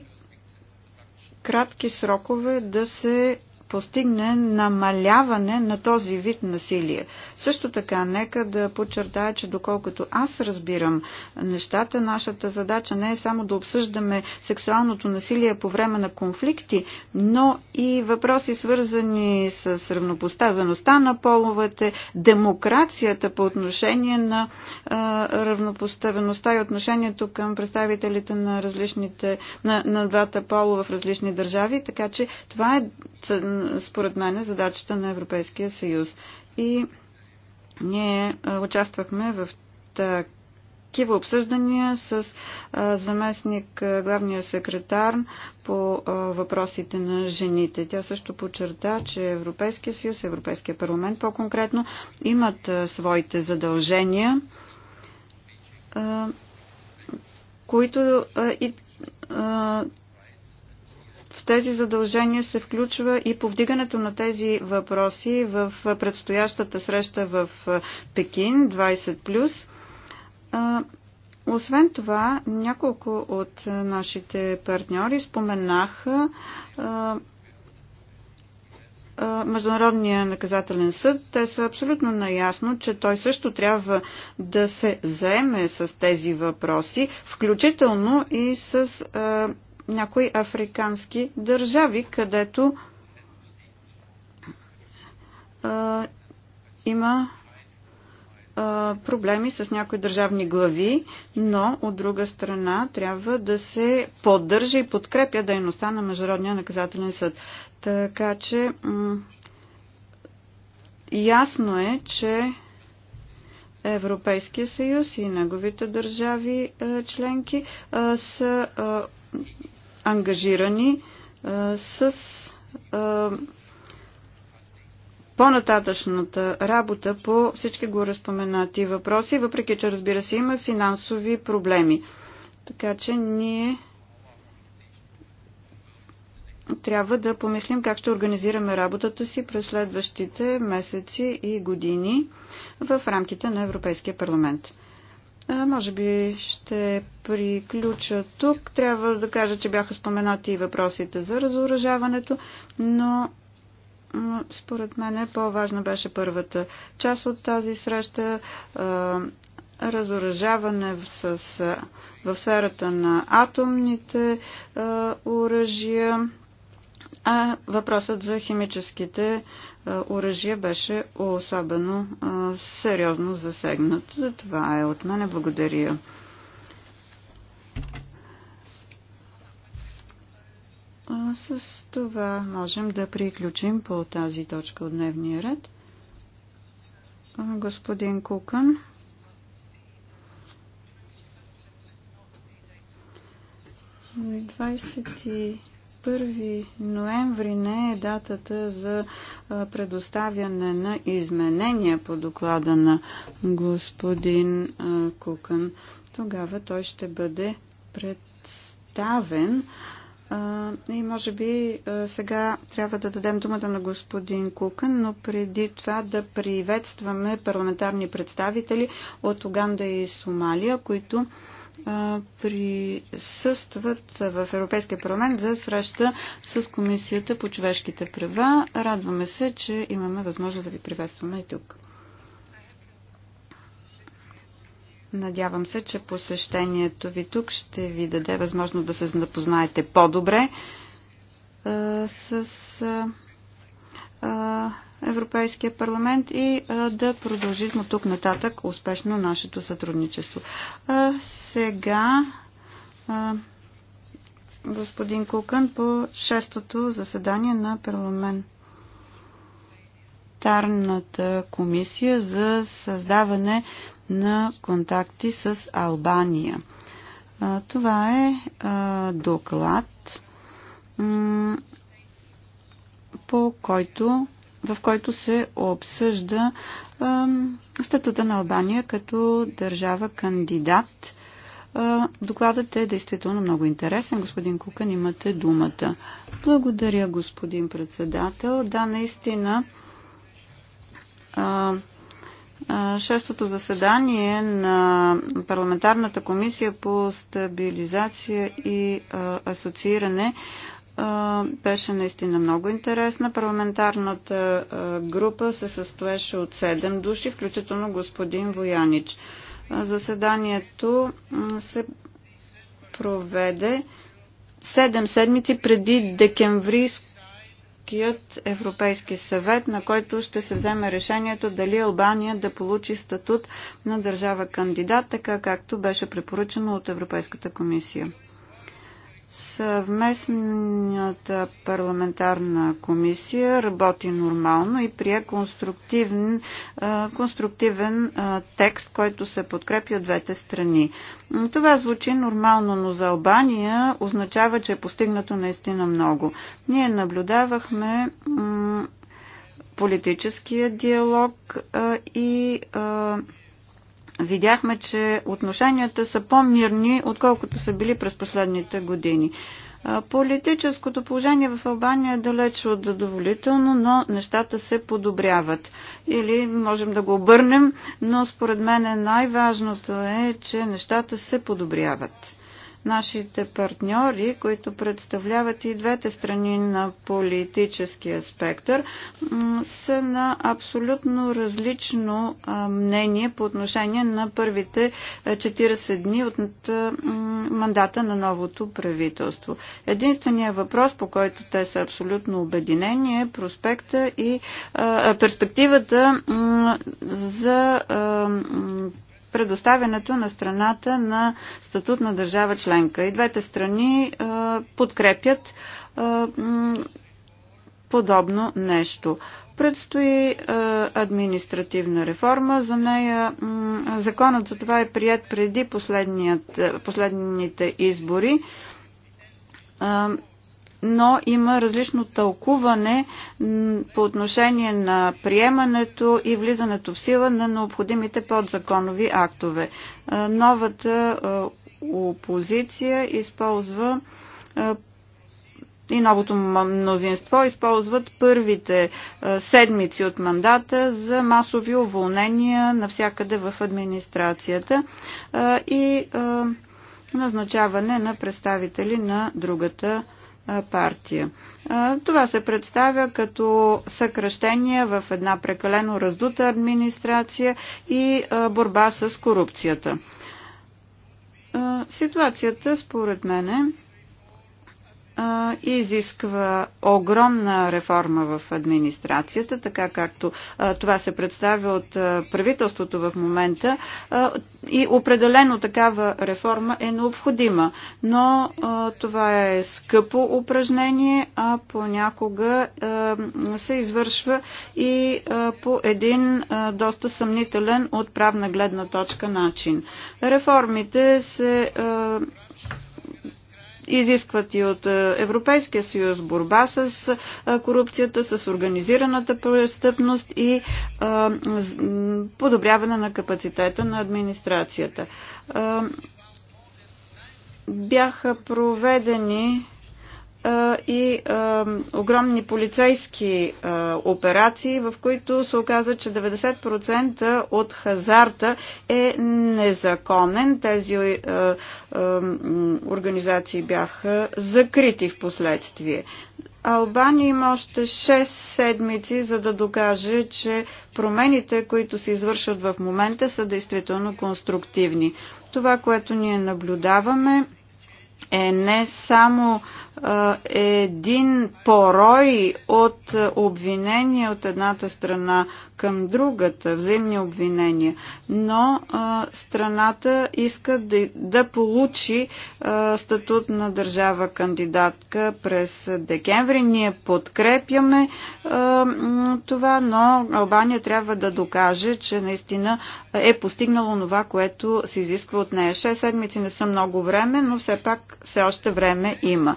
кратки срокове да се постигне намаляване на този вид насилие. Също така, нека да подчертая, че доколкото аз разбирам нещата, нашата задача не е само да обсъждаме сексуалното насилие по време на конфликти, но и въпроси свързани с равнопоставеността на половете, демокрацията по отношение на а, равнопоставеността и отношението към представителите на различните, на, на двата пола в различни държави, така че това е според мен, е задачата на Европейския съюз. И ние участвахме в такива обсъждания с заместник главния секретар по въпросите на жените. Тя също подчерта, че Европейския съюз, Европейския парламент по-конкретно, имат своите задължения, които и тези задължения се включва и повдигането на тези въпроси в предстоящата среща в Пекин 20+. Освен това, няколко от нашите партньори споменаха Международния наказателен съд, те са абсолютно наясно, че той също трябва да се заеме с тези въпроси, включително и с някои африкански държави, където а, има а, проблеми с някои държавни глави, но от друга страна трябва да се поддържа и подкрепя дейността на Международния наказателен съд. Така че ясно е, че Европейския съюз и неговите държави членки са ангажирани с по-нататъчната работа по всички го разпоменати въпроси, въпреки че разбира се има финансови проблеми. Така че ние трябва да помислим как ще организираме работата си през следващите месеци и години в рамките на Европейския парламент. Може би ще приключа тук. Трябва да кажа, че бяха споменати и въпросите за разоръжаването, но според мен по-важна беше първата част от тази среща. Разоръжаване с, в сферата на атомните оръжия. А въпросът за химическите е, оръжия беше особено е, сериозно засегнат. Това е от мене. Благодаря. А с това можем да приключим по тази точка от дневния ред. Господин Кукън. Двадесет 20... 1 ноември не е датата за предоставяне на изменения по доклада на господин Кукън. Тогава той ще бъде представен. И може би сега трябва да дадем думата на господин Кукън, но преди това да приветстваме парламентарни представители от Уганда и Сомалия, които присъстват в Европейския парламент за среща с Комисията по човешките права. Радваме се, че имаме възможност да ви приветстваме и тук. Надявам се, че посещението ви тук ще ви даде възможност да се запознаете по-добре с Европейския парламент и да продължим от тук нататък успешно нашето сътрудничество. Сега господин Кукън по шестото заседание на парламент парламентарната комисия за създаване на контакти с Албания. Това е доклад, по който в който се обсъжда статута на Албания като държава кандидат. Докладът е действително много интересен. Господин Кукан, имате думата. Благодаря, господин председател. Да, наистина. Шестото заседание на парламентарната комисия по стабилизация и асоцииране беше наистина много интересна. Парламентарната група се състоеше от 7 души, включително господин Воянич. Заседанието се проведе 7 седмици преди декемврийският Европейски съвет, на който ще се вземе решението дали Албания да получи статут на държава кандидат, така както беше препоръчено от Европейската комисия. Съвместната парламентарна комисия работи нормално и прие конструктивен, конструктивен текст, който се подкрепи от двете страни. Това звучи нормално, но за Албания означава, че е постигнато наистина много. Ние наблюдавахме политическия диалог и видяхме, че отношенията са по-мирни, отколкото са били през последните години. Политическото положение в Албания е далеч от задоволително, но нещата се подобряват. Или можем да го обърнем, но според мен най-важното е, че нещата се подобряват нашите партньори, които представляват и двете страни на политическия спектър, са на абсолютно различно мнение по отношение на първите 40 дни от мандата на новото правителство. Единственият въпрос, по който те са абсолютно обединени е проспекта и перспективата за предоставянето на страната на статут на държава членка. И двете страни е, подкрепят е, подобно нещо. Предстои е, административна реформа. За нея законът за това е прият преди последните избори но има различно тълкуване по отношение на приемането и влизането в сила на необходимите подзаконови актове. Е, новата е, опозиция използва е, и новото мнозинство използват първите седмици от мандата за масови уволнения навсякъде в администрацията и назначаване на представители на другата партия. Това се представя като съкръщение в една прекалено раздута администрация и борба с корупцията. Ситуацията, според мен, е а, изисква огромна реформа в администрацията, така както а, това се представя от а, правителството в момента. А, и определено такава реформа е необходима, но а, това е скъпо упражнение, а понякога а, се извършва и а, по един а, доста съмнителен от правна гледна точка начин. Реформите се. А, изискват и от е, Европейския съюз борба с е, корупцията, с организираната престъпност и е, подобряване на капацитета на администрацията. Бяха проведени и огромни полицейски операции, в които се оказа, че 90% от хазарта е незаконен. Тези организации бяха закрити в последствие. Албания има още 6 седмици, за да докаже, че промените, които се извършват в момента, са действително конструктивни. Това, което ние наблюдаваме, е не само един порой от обвинения от едната страна към другата, взаимни обвинения, но страната иска да, да получи статут на държава кандидатка през декември. Ние подкрепяме това, но Албания трябва да докаже, че наистина е постигнало това, което се изисква от нея. Шест седмици не са много време, но все пак все още време има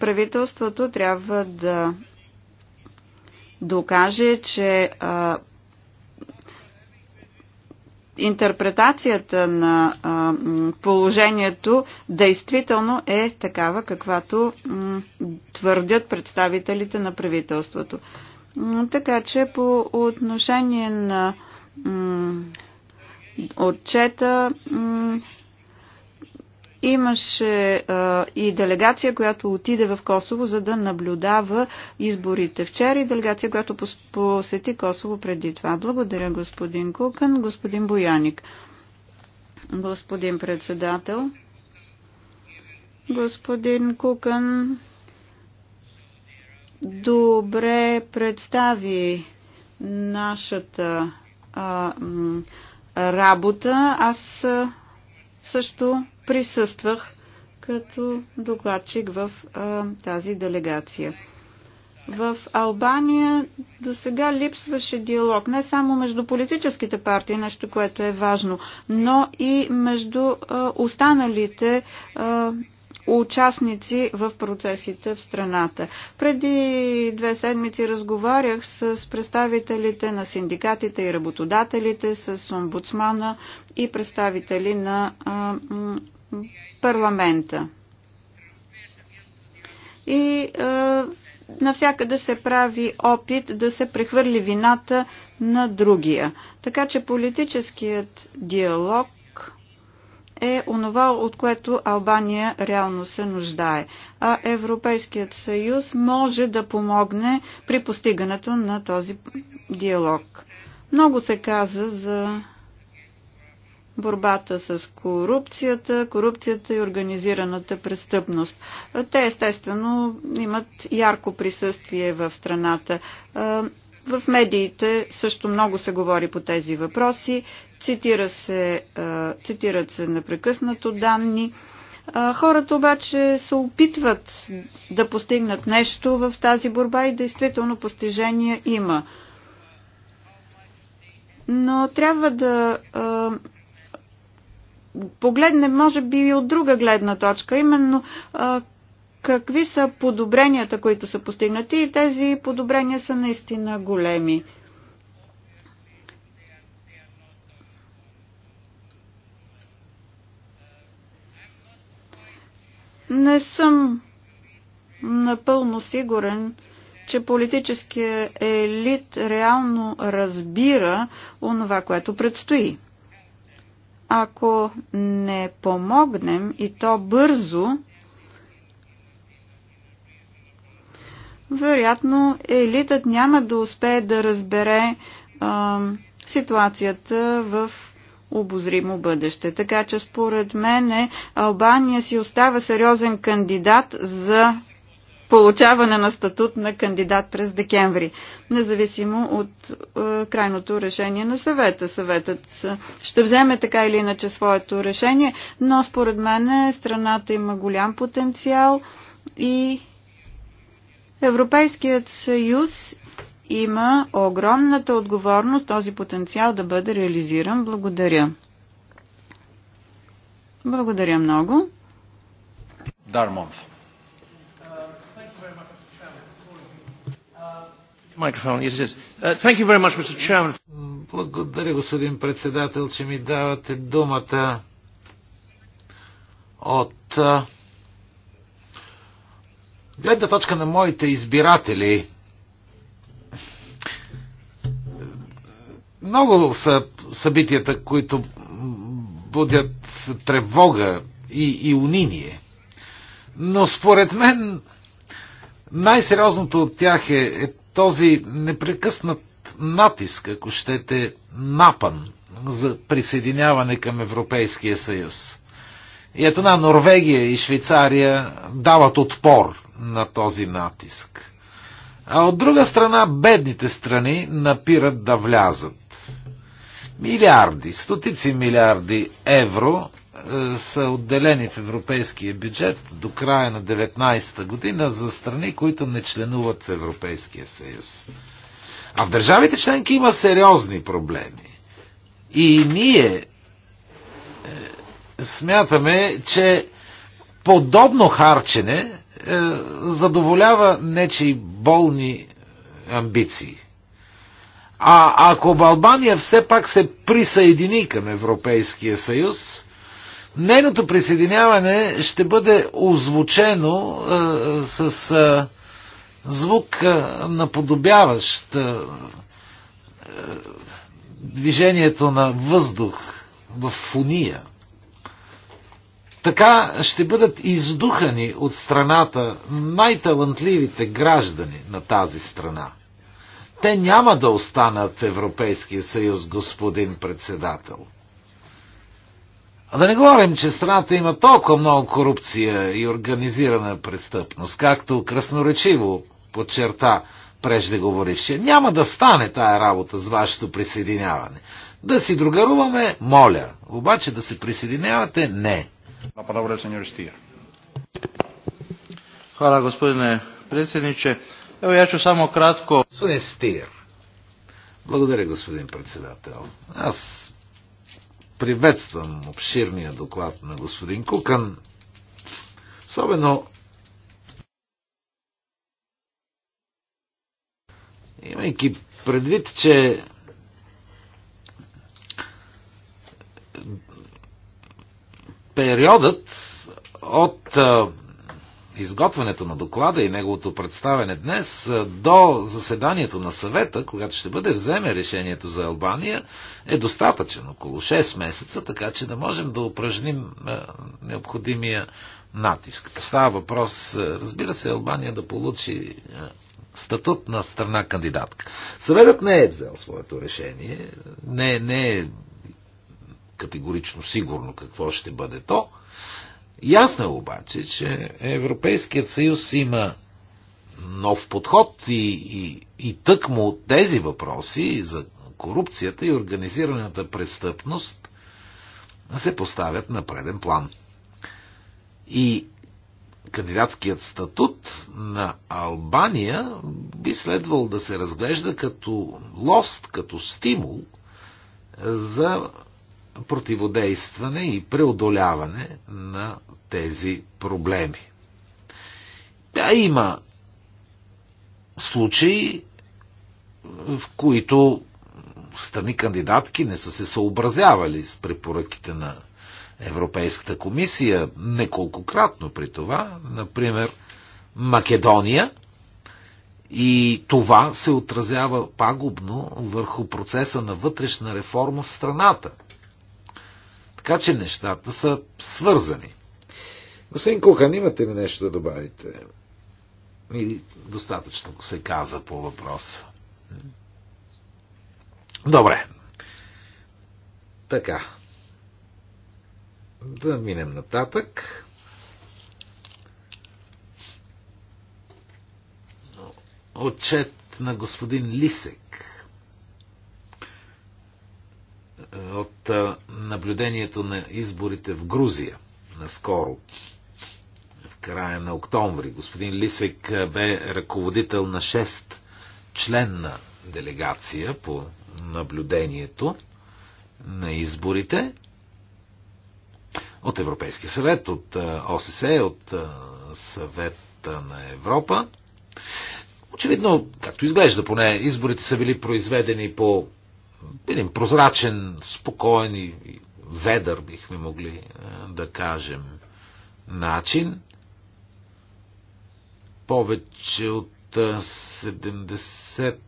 правителството трябва да докаже, че а, интерпретацията на а, положението действително е такава, каквато м, твърдят представителите на правителството. Така че по отношение на м, отчета м, Имаше а, и делегация, която отиде в Косово, за да наблюдава изборите вчера и делегация, която посети Косово преди това. Благодаря, господин Кукан, Господин Бояник. Господин председател. Господин Кукан, добре представи нашата а, работа. Аз също присъствах като докладчик в а, тази делегация. В Албания до сега липсваше диалог не само между политическите партии, нещо, което е важно, но и между а, останалите а, участници в процесите в страната. Преди две седмици разговарях с представителите на синдикатите и работодателите, с омбудсмана и представители на парламента. И навсякъде се прави опит да се прехвърли вината на другия. Така че политическият диалог е онова, от което Албания реално се нуждае. А Европейският съюз може да помогне при постигането на този диалог. Много се каза за борбата с корупцията, корупцията и организираната престъпност. Те естествено имат ярко присъствие в страната. В медиите също много се говори по тези въпроси, цитира се, цитират се непрекъснато данни. Хората обаче се опитват да постигнат нещо в тази борба и действително постижения има. Но трябва да погледнем, може би, и от друга гледна точка, именно а, какви са подобренията, които са постигнати и тези подобрения са наистина големи. Не съм напълно сигурен, че политическия елит реално разбира онова, което предстои. Ако не помогнем и то бързо, вероятно елитът няма да успее да разбере а, ситуацията в обозримо бъдеще. Така че според мен е, Албания си остава сериозен кандидат за получаване на статут на кандидат през декември, независимо от е, крайното решение на съвета. Съветът е, ще вземе така или иначе своето решение, но според мен е, страната има голям потенциал и Европейският съюз има огромната отговорност този потенциал да бъде реализиран. Благодаря. Благодаря много. Дармонт. Uh, Благодаря, господин председател, че ми давате думата от uh, гледна точка на моите избиратели, много са събитията, които будят тревога и, и униние. Но според мен най-сериозното от тях е, е този непрекъснат натиск, ако щете, напън за присъединяване към Европейския съюз. И ето на Норвегия и Швейцария дават отпор на този натиск. А от друга страна, бедните страни напират да влязат. Милиарди, стотици милиарди евро е, са отделени в европейския бюджет до края на 19-та година за страни, които не членуват в Европейския съюз. А в държавите членки има сериозни проблеми. И ние смятаме, че подобно харчене е, задоволява нечи болни амбиции. А ако Балбания все пак се присъедини към Европейския съюз, нейното присъединяване ще бъде озвучено е, с е, звук е, наподобяващ е, е, движението на въздух в фуния. Така ще бъдат издухани от страната най-талантливите граждани на тази страна. Те няма да останат в Европейския съюз, господин председател. А да не говорим, че страната има толкова много корупция и организирана престъпност, както красноречиво подчерта преждеговорившия. Няма да стане тая работа с вашето присъединяване. Да си другаруваме, моля, обаче да се присъединявате, не. La palabra el señor Stier. Hvala gospodine predsjedniče. Evo ja ću samo kratko... Gospodin Стир. Благодаря, господин председател. Аз приветствам обширния доклад на господин Кукан. Особено имайки предвид, че периодът от изготвянето на доклада и неговото представене днес до заседанието на съвета, когато ще бъде вземе решението за Албания, е достатъчен, около 6 месеца, така че да можем да упражним необходимия натиск. Става въпрос, разбира се, Албания да получи статут на страна кандидатка. Съветът не е взел своето решение, не, не е категорично сигурно какво ще бъде то. Ясно е обаче, че Европейският съюз има нов подход и, и, и тъкмо от тези въпроси за корупцията и организираната престъпност се поставят на преден план. И кандидатският статут на Албания би следвал да се разглежда като лост, като стимул за противодействане и преодоляване на тези проблеми. Да, има случаи, в които страни кандидатки не са се съобразявали с препоръките на Европейската комисия, неколкократно при това, например Македония, и това се отразява пагубно върху процеса на вътрешна реформа в страната – така че нещата са свързани. Господин Кухан, имате ли нещо да добавите? Или достатъчно се каза по въпроса? Добре. Така. Да минем нататък. Отчет на господин Лисек от наблюдението на изборите в Грузия наскоро в края на октомври. Господин Лисек бе ръководител на 6 членна делегация по наблюдението на изборите от Европейския съвет, от ОССЕ, от съвета на Европа. Очевидно, както изглежда поне, изборите са били произведени по един прозрачен, спокоен и ведър, бихме могли е, да кажем, начин. Повече от 70%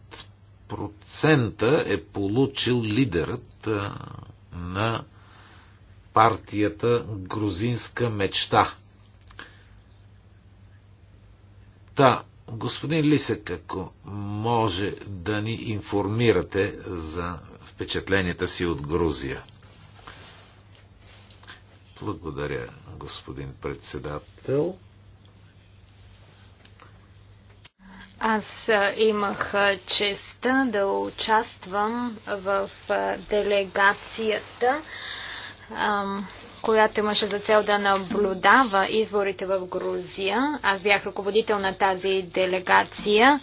е, е получил лидерът е, на партията Грузинска мечта. Та, Господин Лисек, ако може да ни информирате за впечатленията си от Грузия. Благодаря, господин председател. Аз имах честа да участвам в делегацията ам, която имаше за цел да наблюдава изборите в Грузия. Аз бях ръководител на тази делегация.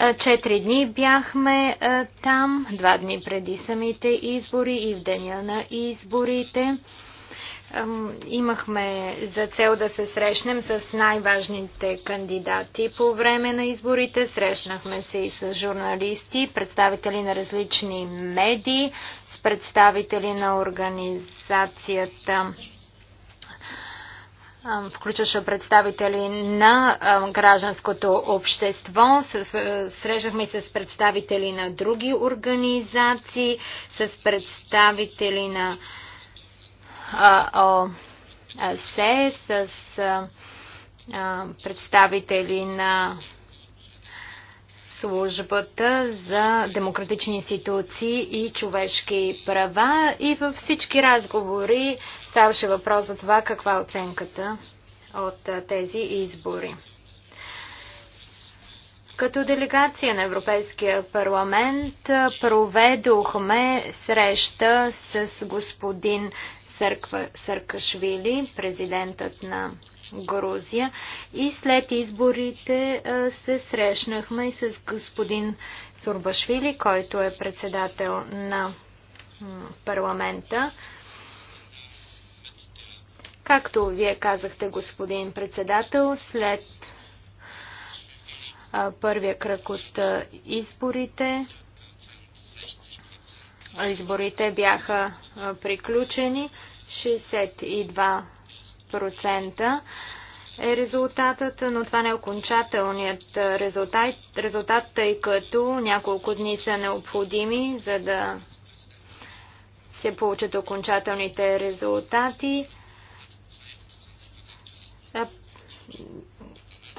Е, четири дни бяхме е, там, два дни преди самите избори и в деня на изборите. Имахме за цел да се срещнем с най-важните кандидати по време на изборите. Срещнахме се и с журналисти, представители на различни медии, представители на организацията включваше представители на гражданското общество. Срежахме се с представители на други организации, с представители на ОСЕ, с представители на службата за демократични институции и човешки права и във всички разговори ставаше въпрос за това каква е оценката от тези избори. Като делегация на Европейския парламент проведохме среща с господин Съркашвили, президентът на Грузия. И след изборите се срещнахме и с господин Сурбашвили, който е председател на парламента. Както вие казахте, господин председател, след първия кръг от изборите. Изборите бяха приключени. 62 е резултатът, но това не е окончателният резултат, резултат, тъй като няколко дни са необходими, за да се получат окончателните резултати.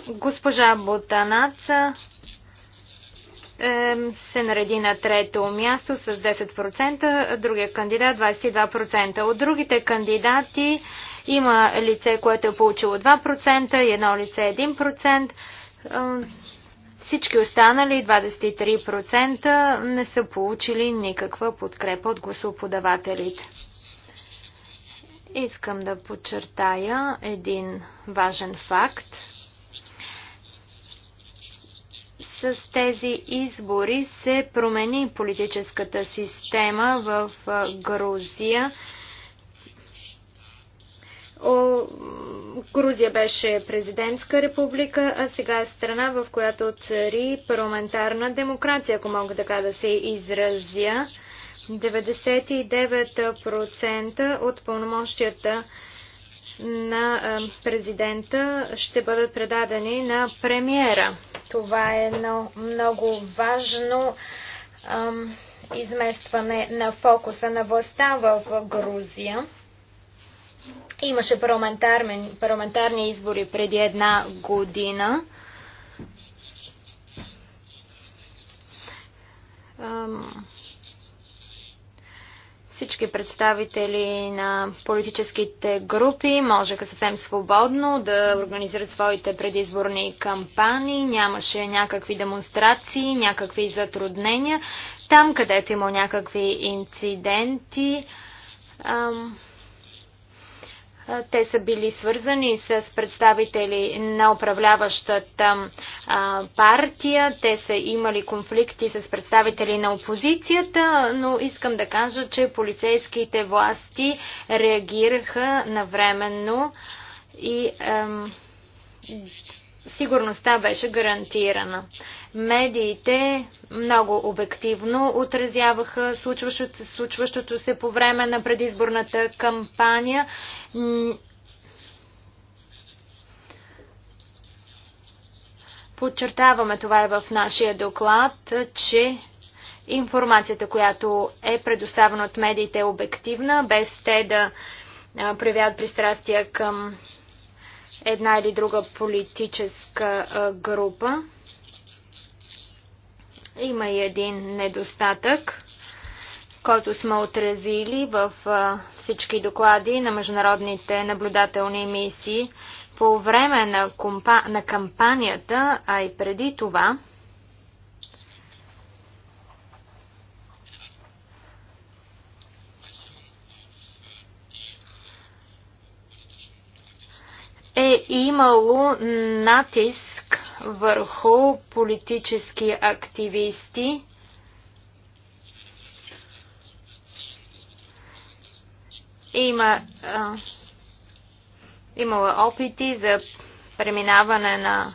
Госпожа Ботанаца се нареди на трето място с 10%, другия кандидат 22%. От другите кандидати има лице, което е получило 2% едно лице 1%. Е всички останали 23% не са получили никаква подкрепа от гласоподавателите. Искам да подчертая един важен факт – с тези избори се промени политическата система в Грузия. О, Грузия беше президентска република, а сега е страна, в която цари парламентарна демокрация, ако мога така да се изразя. 99% от пълномощията на президента ще бъдат предадени на премиера. Това е едно много важно ам, изместване на фокуса на властта в Грузия. Имаше парламентарни, парламентарни избори преди една година. Ам, всички представители на политическите групи можеха съвсем свободно да организират своите предизборни кампании. Нямаше някакви демонстрации, някакви затруднения. Там, където има някакви инциденти, ам, те са били свързани с представители на управляващата партия, те са имали конфликти с представители на опозицията, но искам да кажа, че полицейските власти реагираха навременно и сигурността беше гарантирана. Медиите много обективно отразяваха случващото, случващото се по време на предизборната кампания. Подчертаваме това и в нашия доклад, че информацията, която е предоставена от медиите е обективна, без те да проявяват пристрастия към една или друга политическа група. Има и един недостатък, който сме отразили в всички доклади на международните наблюдателни мисии по време на, кампанията, а и преди това – е имало натиск върху политически активисти, има, а, имала опити за преминаване на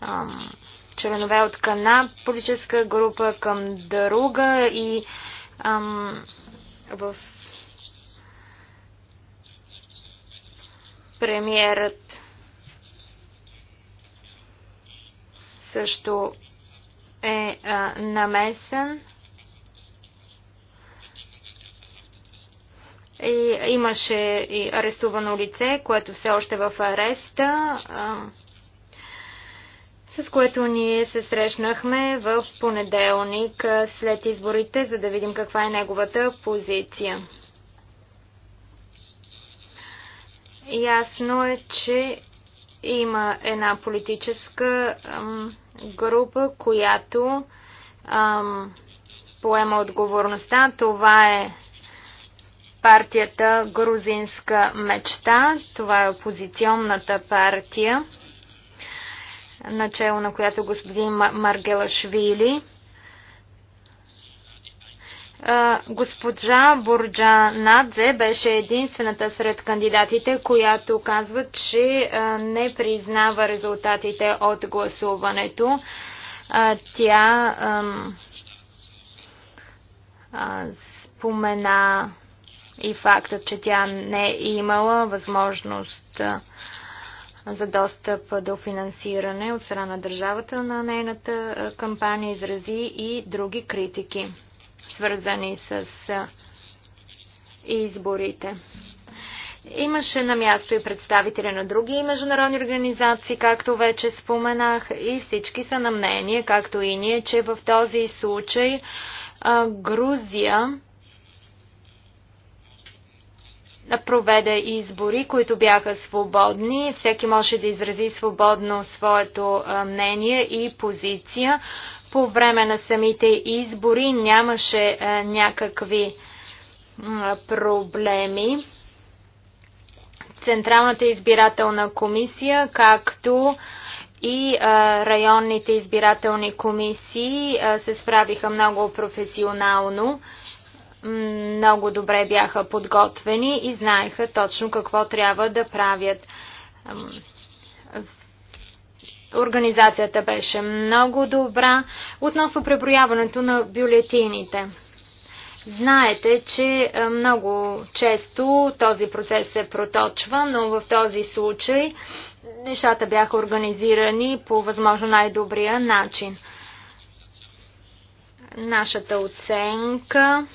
а, членове от Кана политическа група към друга и а, в Премиерът също е а, намесен. И имаше и арестувано лице, което все още в ареста, а, с което ние се срещнахме в понеделник след изборите, за да видим каква е неговата позиция. Ясно е, че има една политическа ам, група, която ам, поема отговорността. Това е партията Грузинска мечта. Това е опозиционната партия, начало на която господин Маргелашвили. Госпожа Борджа Надзе беше единствената сред кандидатите, която казва, че не признава резултатите от гласуването. Тя спомена и факта, че тя не е имала възможност за достъп до финансиране от страна на държавата на нейната кампания изрази и други критики свързани с изборите. Имаше на място и представители на други международни организации, както вече споменах, и всички са на мнение, както и ние, че в този случай а, Грузия проведе избори, които бяха свободни. Всеки може да изрази свободно своето мнение и позиция по време на самите избори нямаше а, е, някакви а, проблеми. Централната избирателна комисия, както и а, е, районните избирателни комисии а, е, се справиха много професионално, много добре бяха подготвени и знаеха точно какво трябва да правят Организацията беше много добра относно преброяването на бюлетините. Знаете, че е, много често този процес се проточва, но в този случай нещата бяха организирани по възможно най-добрия начин. Нашата оценка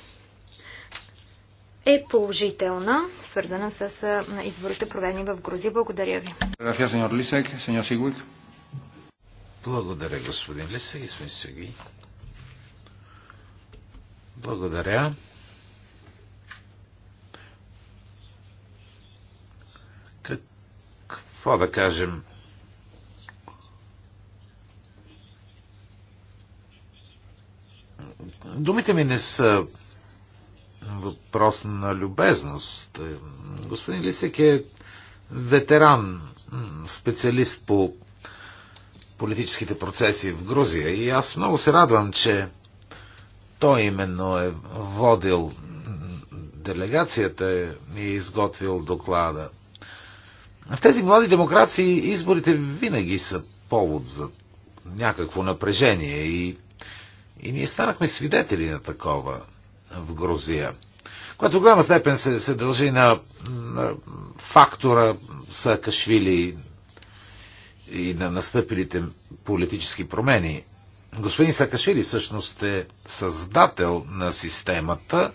е положителна, свързана с е, изборите проведени в Грузия. Благодаря ви. Благодаря, благодаря, господин Лиса и сме Сеги. Благодаря. Какво да кажем? Думите ми не са въпрос на любезност. Господин Лисек е ветеран, специалист по политическите процеси в Грузия. И аз много се радвам, че той именно е водил делегацията и е изготвил доклада. В тези млади демокрации изборите винаги са повод за някакво напрежение и, и ние станахме свидетели на такова в Грузия, което в голяма степен се, се дължи на, на фактора Саакашвили, и на настъпилите политически промени. Господин Сакашили всъщност е създател на системата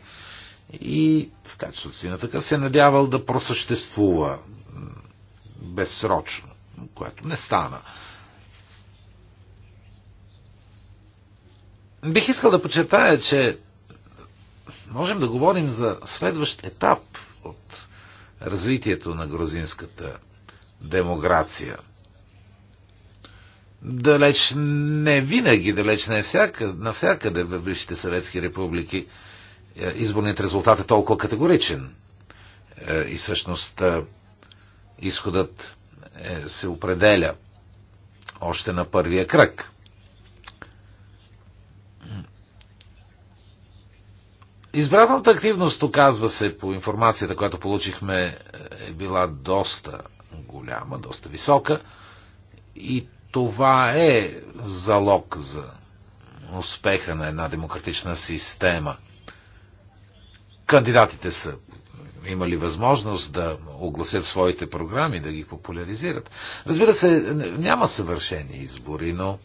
и в качеството си на такъв се е надявал да просъществува безсрочно, което не стана. Бих искал да почетая, че можем да говорим за следващ етап от развитието на грузинската демокрация – далеч не винаги, далеч не всяка, навсякъде в бившите съветски републики е, изборният резултат е толкова категоричен. Е, и всъщност е, изходът се определя още на първия кръг. Избирателната активност, оказва се, по информацията, която получихме, е била доста голяма, доста висока и това е залог за успеха на една демократична система. Кандидатите са имали възможност да огласят своите програми, да ги популяризират. Разбира се, няма съвършени избори, но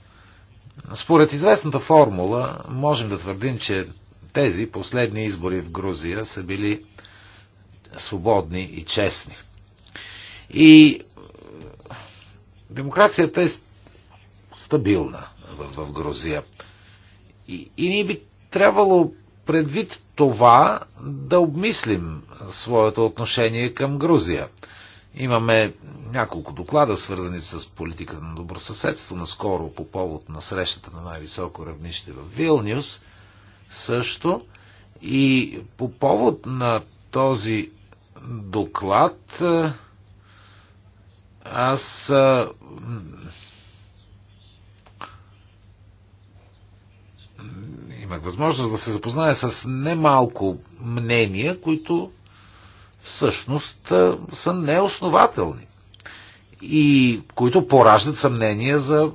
според известната формула можем да твърдим, че тези последни избори в Грузия са били свободни и честни. И демокрацията е стабилна в, в Грузия. И, и ние би трябвало предвид това да обмислим своето отношение към Грузия. Имаме няколко доклада, свързани с политика на добросъседство, наскоро по повод на срещата на най-високо равнище в Вилнюс, също. И по повод на този доклад аз имах възможност да се запозная с немалко мнения, които всъщност са неоснователни и които пораждат съмнения за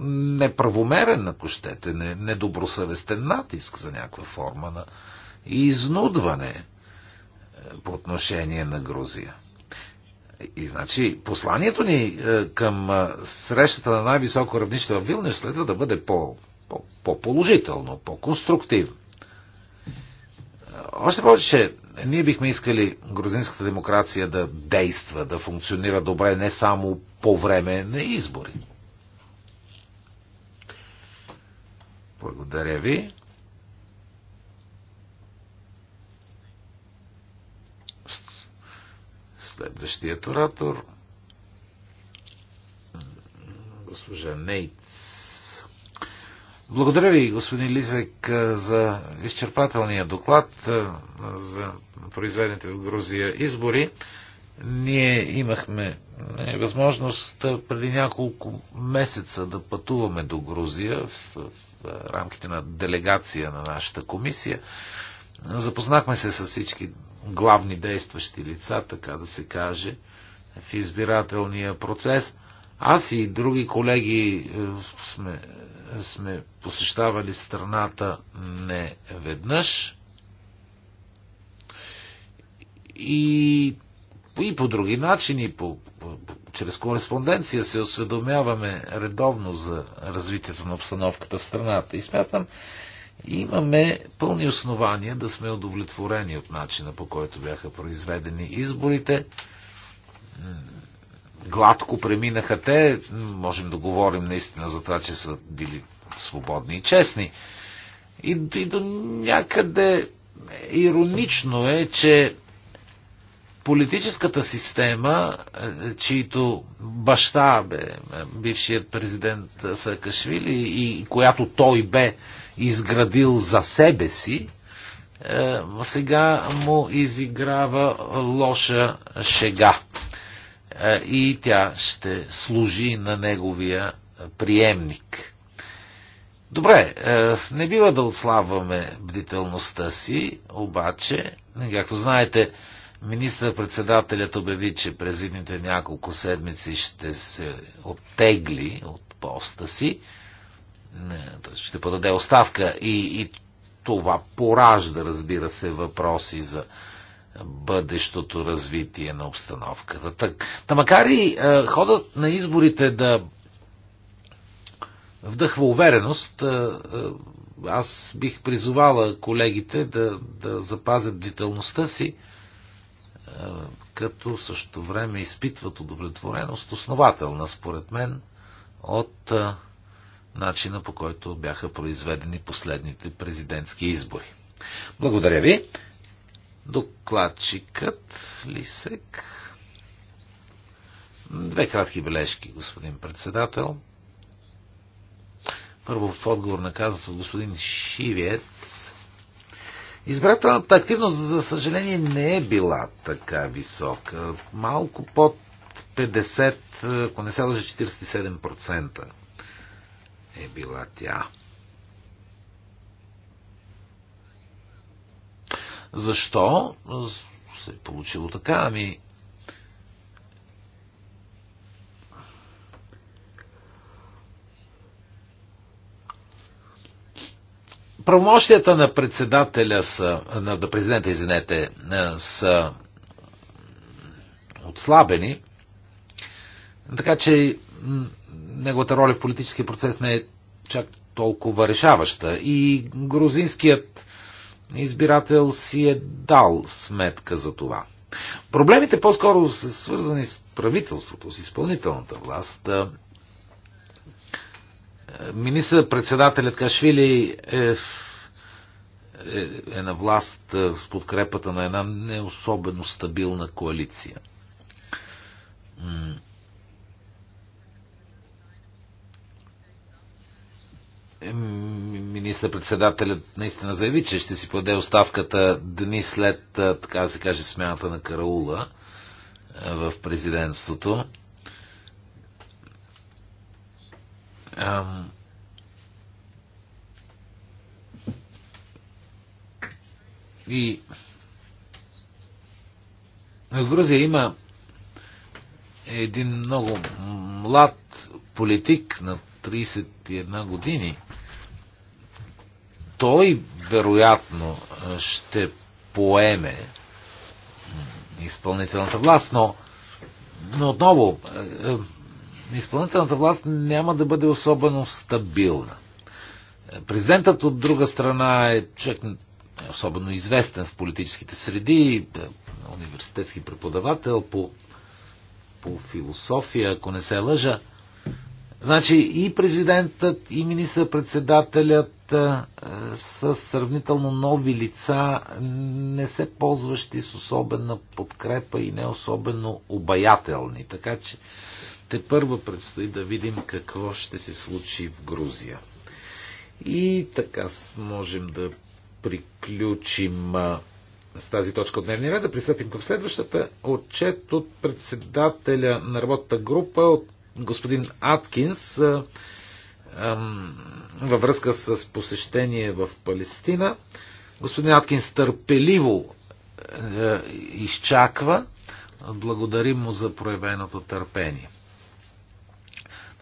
неправомерен, ако щете, недобросъвестен натиск за някаква форма на изнудване по отношение на Грузия. И значи посланието ни към срещата на най-високо равнище в Вилнюс следва да бъде по по-положително, по-конструктивно. Още повече, ние бихме искали грузинската демокрация да действа, да функционира добре не само по време на избори. Благодаря ви. Следващият оратор госпожа Нейтс. Благодаря ви, господин Лизек, за изчерпателния доклад за произведените в Грузия избори. Ние имахме е, възможност преди няколко месеца да пътуваме до Грузия в, рамките на делегация на нашата комисия. Запознахме се с всички главни действащи лица, така да се каже, в избирателния процес. Аз и други колеги е, сме, сме посещавали страната не веднъж и, и по други начини, по, по, чрез кореспонденция се осведомяваме редовно за развитието на обстановката в страната. И смятам, имаме пълни основания да сме удовлетворени от начина по който бяха произведени изборите гладко преминаха те. Можем да говорим наистина за това, че са били свободни и честни. И, и до някъде иронично е, че политическата система, е, чието баща бе е, бившият президент Саакашвили и която той бе изградил за себе си, е, сега му изиграва лоша шега. Е, и тя ще служи на неговия е, приемник. Добре, е, не бива да отслабваме бдителността си, обаче, както знаете, министър-председателят обяви, че през едните няколко седмици ще се оттегли от поста си, ще подаде оставка и, и това поражда, разбира се, въпроси за бъдещото развитие на обстановката. Так, та макар и е, ходът на изборите да вдъхва увереност, е, е, аз бих призовала колегите да, да запазят бдителността си, е, като в същото време изпитват удовлетвореност, основателна според мен, от е, начина по който бяха произведени последните президентски избори. Благодаря ви. Докладчикът Лисек. Две кратки бележки, господин председател. Първо в отговор на казват от господин Шивец. Избирателната активност, за съжаление, не е била така висока. Малко под 50, ако не се лъжа, 47% е била тя. Защо се е получило така? Ами, правомощията на председателя са, на, президента, извинете, е, са отслабени, така че неговата роля в политическия процес не е чак толкова решаваща. И грузинският избирател си е дал сметка за това. Проблемите по-скоро са свързани с правителството, с изпълнителната власт. Е, Министър-председателят Кашвили е, е, е на власт е, с подкрепата на една не особено стабилна коалиция. министър-председателят наистина заяви, че ще си поде оставката дни след, така да се каже, смяната на Караула в президентството. И в Грузия има един много млад политик, на 31 години, той вероятно ще поеме изпълнителната власт, но, но отново изпълнителната власт няма да бъде особено стабилна. Президентът от друга страна е човек е особено известен в политическите среди, е, университетски преподавател по, по философия, ако не се лъжа. Значи и президентът, и министър-председателят са сравнително нови лица, не се ползващи с особена подкрепа и не особено обаятелни. Така че те първо предстои да видим какво ще се случи в Грузия. И така можем да приключим с тази точка от дневния ред, да пристъпим към следващата. Отчет от председателя на работната група от господин Аткинс във връзка с посещение в Палестина. Господин Аткинс търпеливо е, изчаква. Благодарим му за проявеното търпение.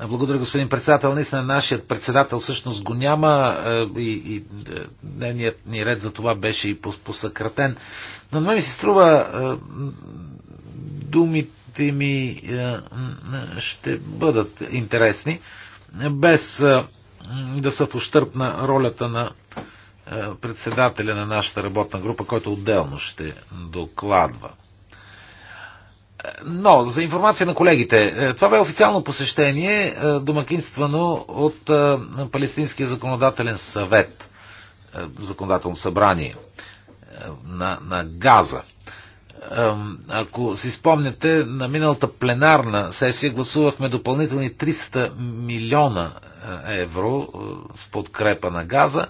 Благодаря, господин председател. Наистина, нашият председател всъщност го няма е, и, и е, дневният ни ред за това беше и посъкратен. Но на мен ми се струва думите ми е, ще бъдат интересни, без е, да са в ущърп на ролята на е, председателя на нашата работна група, който отделно ще докладва. Но, за информация на колегите, това бе официално посещение, домакинствано от Палестинския законодателен съвет, законодателно събрание на, на Газа. Ако си спомняте, на миналата пленарна сесия гласувахме допълнителни 300 милиона е, евро е, в подкрепа на газа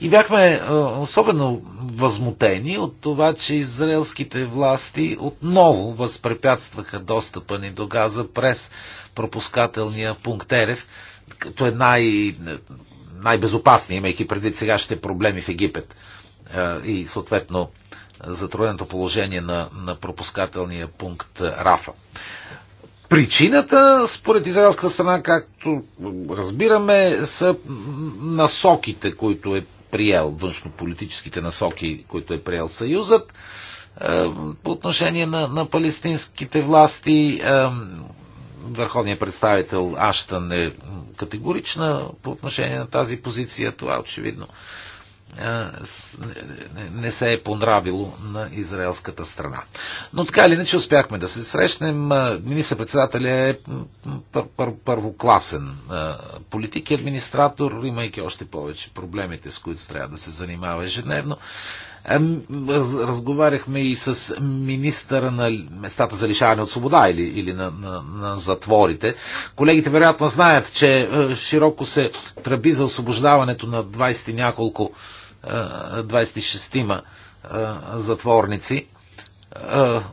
и бяхме е, особено възмутени от това, че израелските власти отново възпрепятстваха достъпа ни до газа през пропускателния пункт Ерев, като е най- най-безопасни, имайки предвид сегашните проблеми в Египет и съответно затрудненото положение на, на пропускателния пункт Рафа. Причината, според израелска страна, както разбираме, са насоките, които е приел, външнополитическите насоки, които е приел Съюзът е, по отношение на, на палестинските власти. Е, върховният представител Аштън е категорична по отношение на тази позиция. Това е очевидно не се е понравило на израелската страна. Но така или иначе успяхме да се срещнем. Министър-председателя е пър пър първокласен политик и администратор, имайки още повече проблемите, с които трябва да се занимава ежедневно. Разговаряхме и с министъра на местата за лишаване от свобода или, или на, на, на затворите. Колегите вероятно знаят, че е, широко се тръби за освобождаването на 20 няколко, 26-ма е, е, затворници.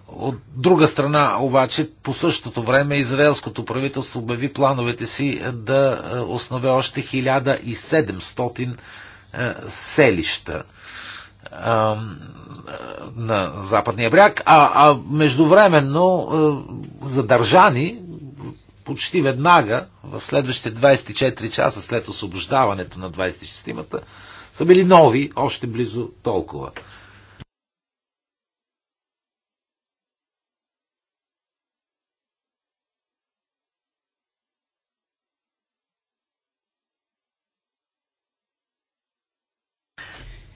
От друга страна, обаче, по същото време израелското правителство обяви плановете си да основе още 1700 селища на западния бряг, а, а междувременно задържани почти веднага, в следващите 24 часа след освобождаването на 26-мата, са били нови, още близо толкова.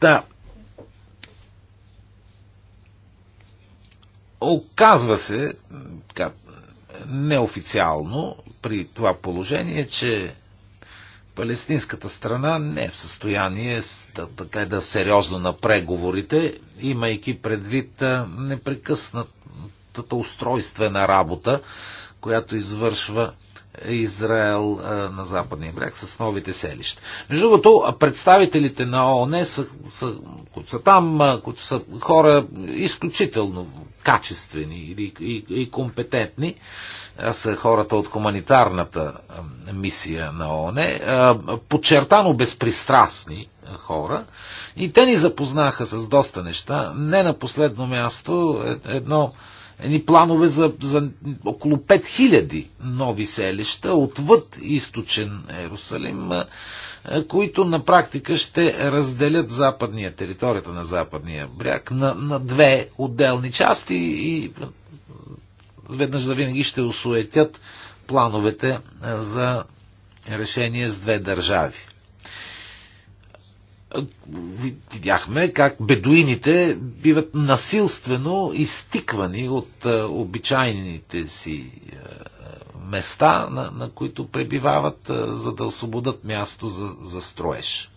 да Оказва се, така, неофициално при това положение, че палестинската страна не е в състояние да, да сериозно на преговорите, имайки предвид непрекъснатата устройствена работа, която извършва Израел на западния бряг с новите селища. Между другото, представителите на ООН, са, са, които са там, които са хора изключително качествени и, и, и компетентни, са хората от хуманитарната мисия на ООН, подчертано безпристрастни хора, и те ни запознаха с доста неща. Не на последно място е, едно едни планове за, за около 5000 нови селища отвъд източен Ерусалим, които на практика ще разделят западния, територията на западния бряг на, на две отделни части и веднъж за винаги ще осуетят плановете за решение с две държави видяхме как бедуините биват насилствено изтиквани от е, обичайните си е, места, на, на които пребивават, е, за да освободят място за, за строеж.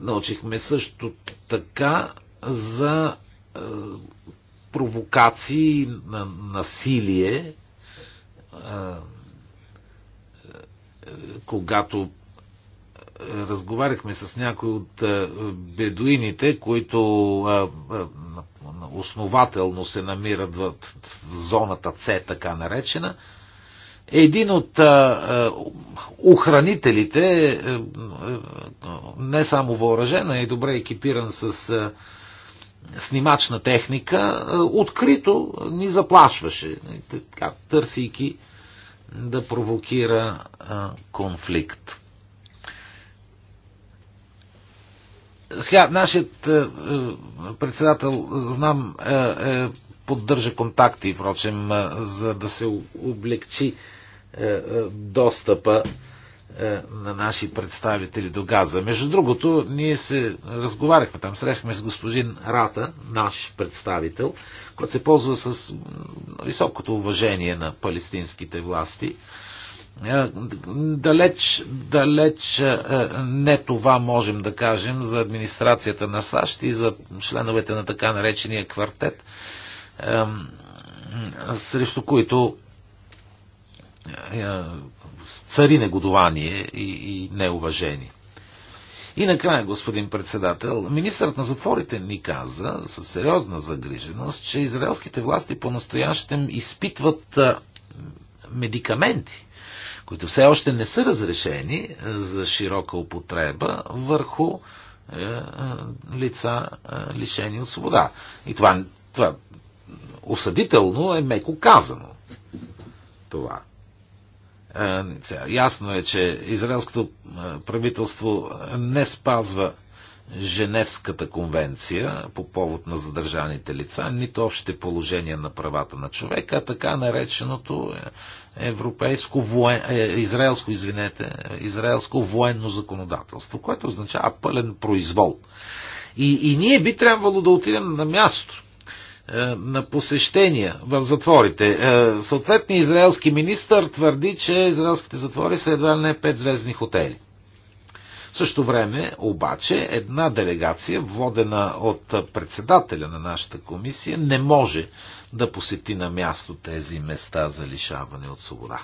Научихме също така за е, провокации на насилие, е, когато разговаряхме с някои от е, бедуините, които е, е, основателно се намират в зоната С, така наречена. Един от охранителите, не само въоръжен, а и добре екипиран с снимачна техника, открито ни заплашваше, нали, така, търсийки да провокира конфликт. Сега, нашият е, е, председател, знам, е, е, поддържа контакти, впрочем, е, за да се облегчи е, е, достъпа е, на наши представители до газа. Между другото, ние се разговаряхме там, срещахме с господин Рата, наш представител, който се ползва с високото уважение на палестинските власти. Е, е, далеч, далеч е, не това можем да кажем за администрацията на САЩ и за членовете на така наречения квартет, срещу които е, цари негодование и неуважение. И накрая, господин председател, министърът на затворите ни каза със сериозна загриженост, че израелските власти по-настоящем изпитват медикаменти, които все още не са разрешени е, за широка употреба върху е, е, лица лишени от свобода. И това, това осъдително е меко казано. Това. Ясно е, че израелското правителство не спазва Женевската конвенция по повод на задържаните лица, нито общите положения на правата на човека, а така нареченото европейско воен... Е, израелско, извинете, израелско военно законодателство, което означава пълен произвол. И, и ние би трябвало да отидем на място е, на посещения в затворите. Е, съответният израелски министр твърди, че израелските затвори са едва не петзвездни хотели. В същото време, обаче, една делегация, водена от председателя на нашата комисия, не може да посети на място тези места за лишаване от свобода.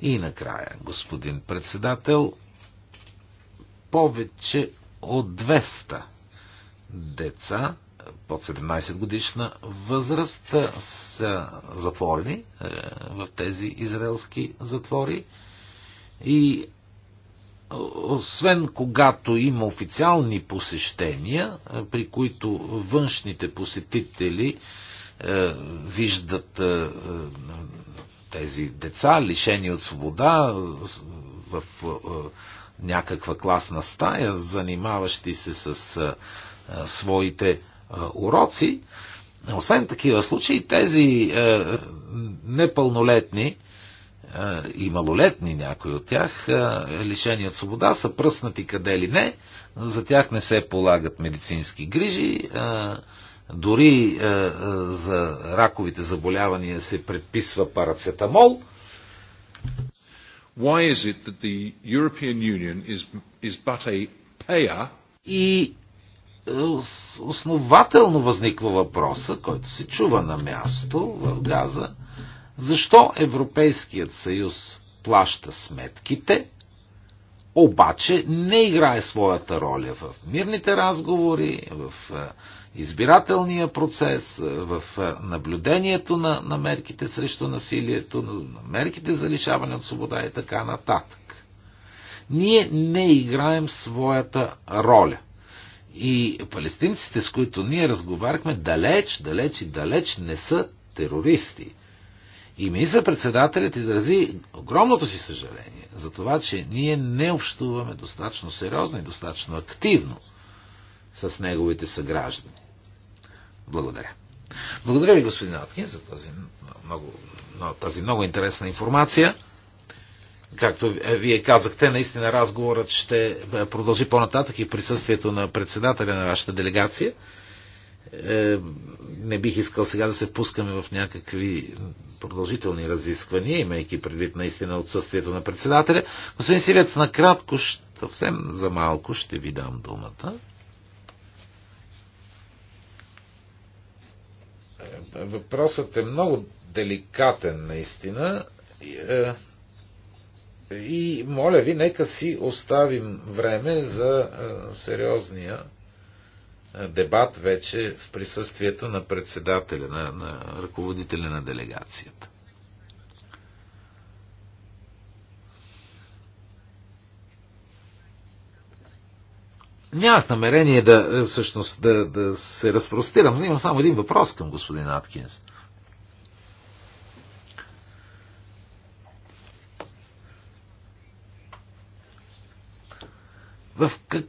И накрая, господин председател, повече от 200 деца под 17 годишна възраст са затворени е, в тези израелски затвори и освен когато има официални посещения, е, при които външните посетители е, виждат е, тези деца, лишени от свобода, в някаква класна стая, занимаващи се с своите уроци. Освен такива случаи, тези непълнолетни и малолетни някои от тях, лишени от свобода, са пръснати къде ли не, за тях не се полагат медицински грижи, дори за раковите заболявания се предписва парацетамол. Why is it that the European Union is, is but a payer? И е, основателно възниква въпроса, който се чува на място в Газа, защо Европейският съюз плаща сметките, обаче не играе своята роля в мирните разговори, в е, избирателния процес, е, в е, наблюдението на, на мерките срещу насилието, на мерките за лишаване от свобода и така нататък. Ние не играем своята роля. И палестинците, с които ние разговаряхме, далеч, далеч и далеч не са терористи. И министър-председателят изрази огромното си съжаление за това, че ние не общуваме достатъчно сериозно и достатъчно активно с неговите съграждани. Благодаря. Благодаря ви, господин Аткин, за тази много, тази много интересна информация. Както е, вие казахте, наистина разговорът ще продължи по-нататък и присъствието на председателя на вашата делегация. Е, не бих искал сега да се пускаме в някакви продължителни разисквания, имайки предвид наистина отсъствието на председателя. Господин Силец, накратко, съвсем за малко ще ви дам думата. Е, въпросът е много деликатен, наистина. Е, и моля ви, нека си оставим време за сериозния дебат вече в присъствието на председателя, на, на ръководителя на делегацията. Нямах намерение да, е, всъщност, да, да се разпростирам. Имам само един въпрос към господин Аткинс. В как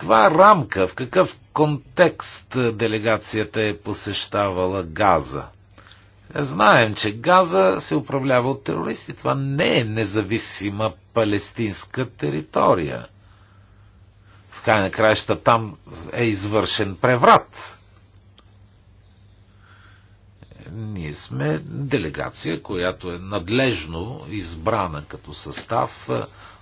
каква рамка, в какъв контекст делегацията е посещавала Газа? Знаем, че Газа се управлява от терористи. Това не е независима палестинска територия. В край на краища там е извършен преврат. Ние сме делегация, която е надлежно избрана като състав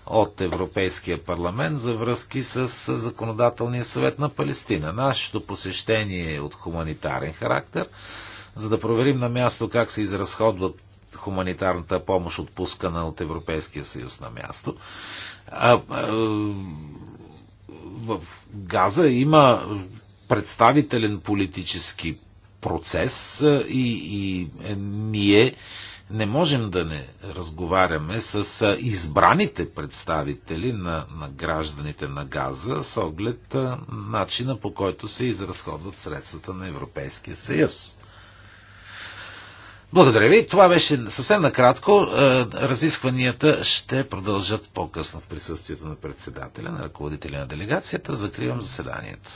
от Европейския парламент за връзки с Законодателния съвет на Палестина. Нашето посещение е от хуманитарен характер, за да проверим на място как се изразходват хуманитарната помощ, отпускана от Европейския съюз на място. А, а, в Газа има представителен политически процес и, и е, ние не можем да не разговаряме с избраните представители на, на гражданите на Газа с оглед начина по който се изразходват средствата на Европейския съюз. Благодаря ви. Това беше съвсем накратко. Разискванията ще продължат по-късно в присъствието на председателя, на ръководителя на делегацията. Закривам заседанието.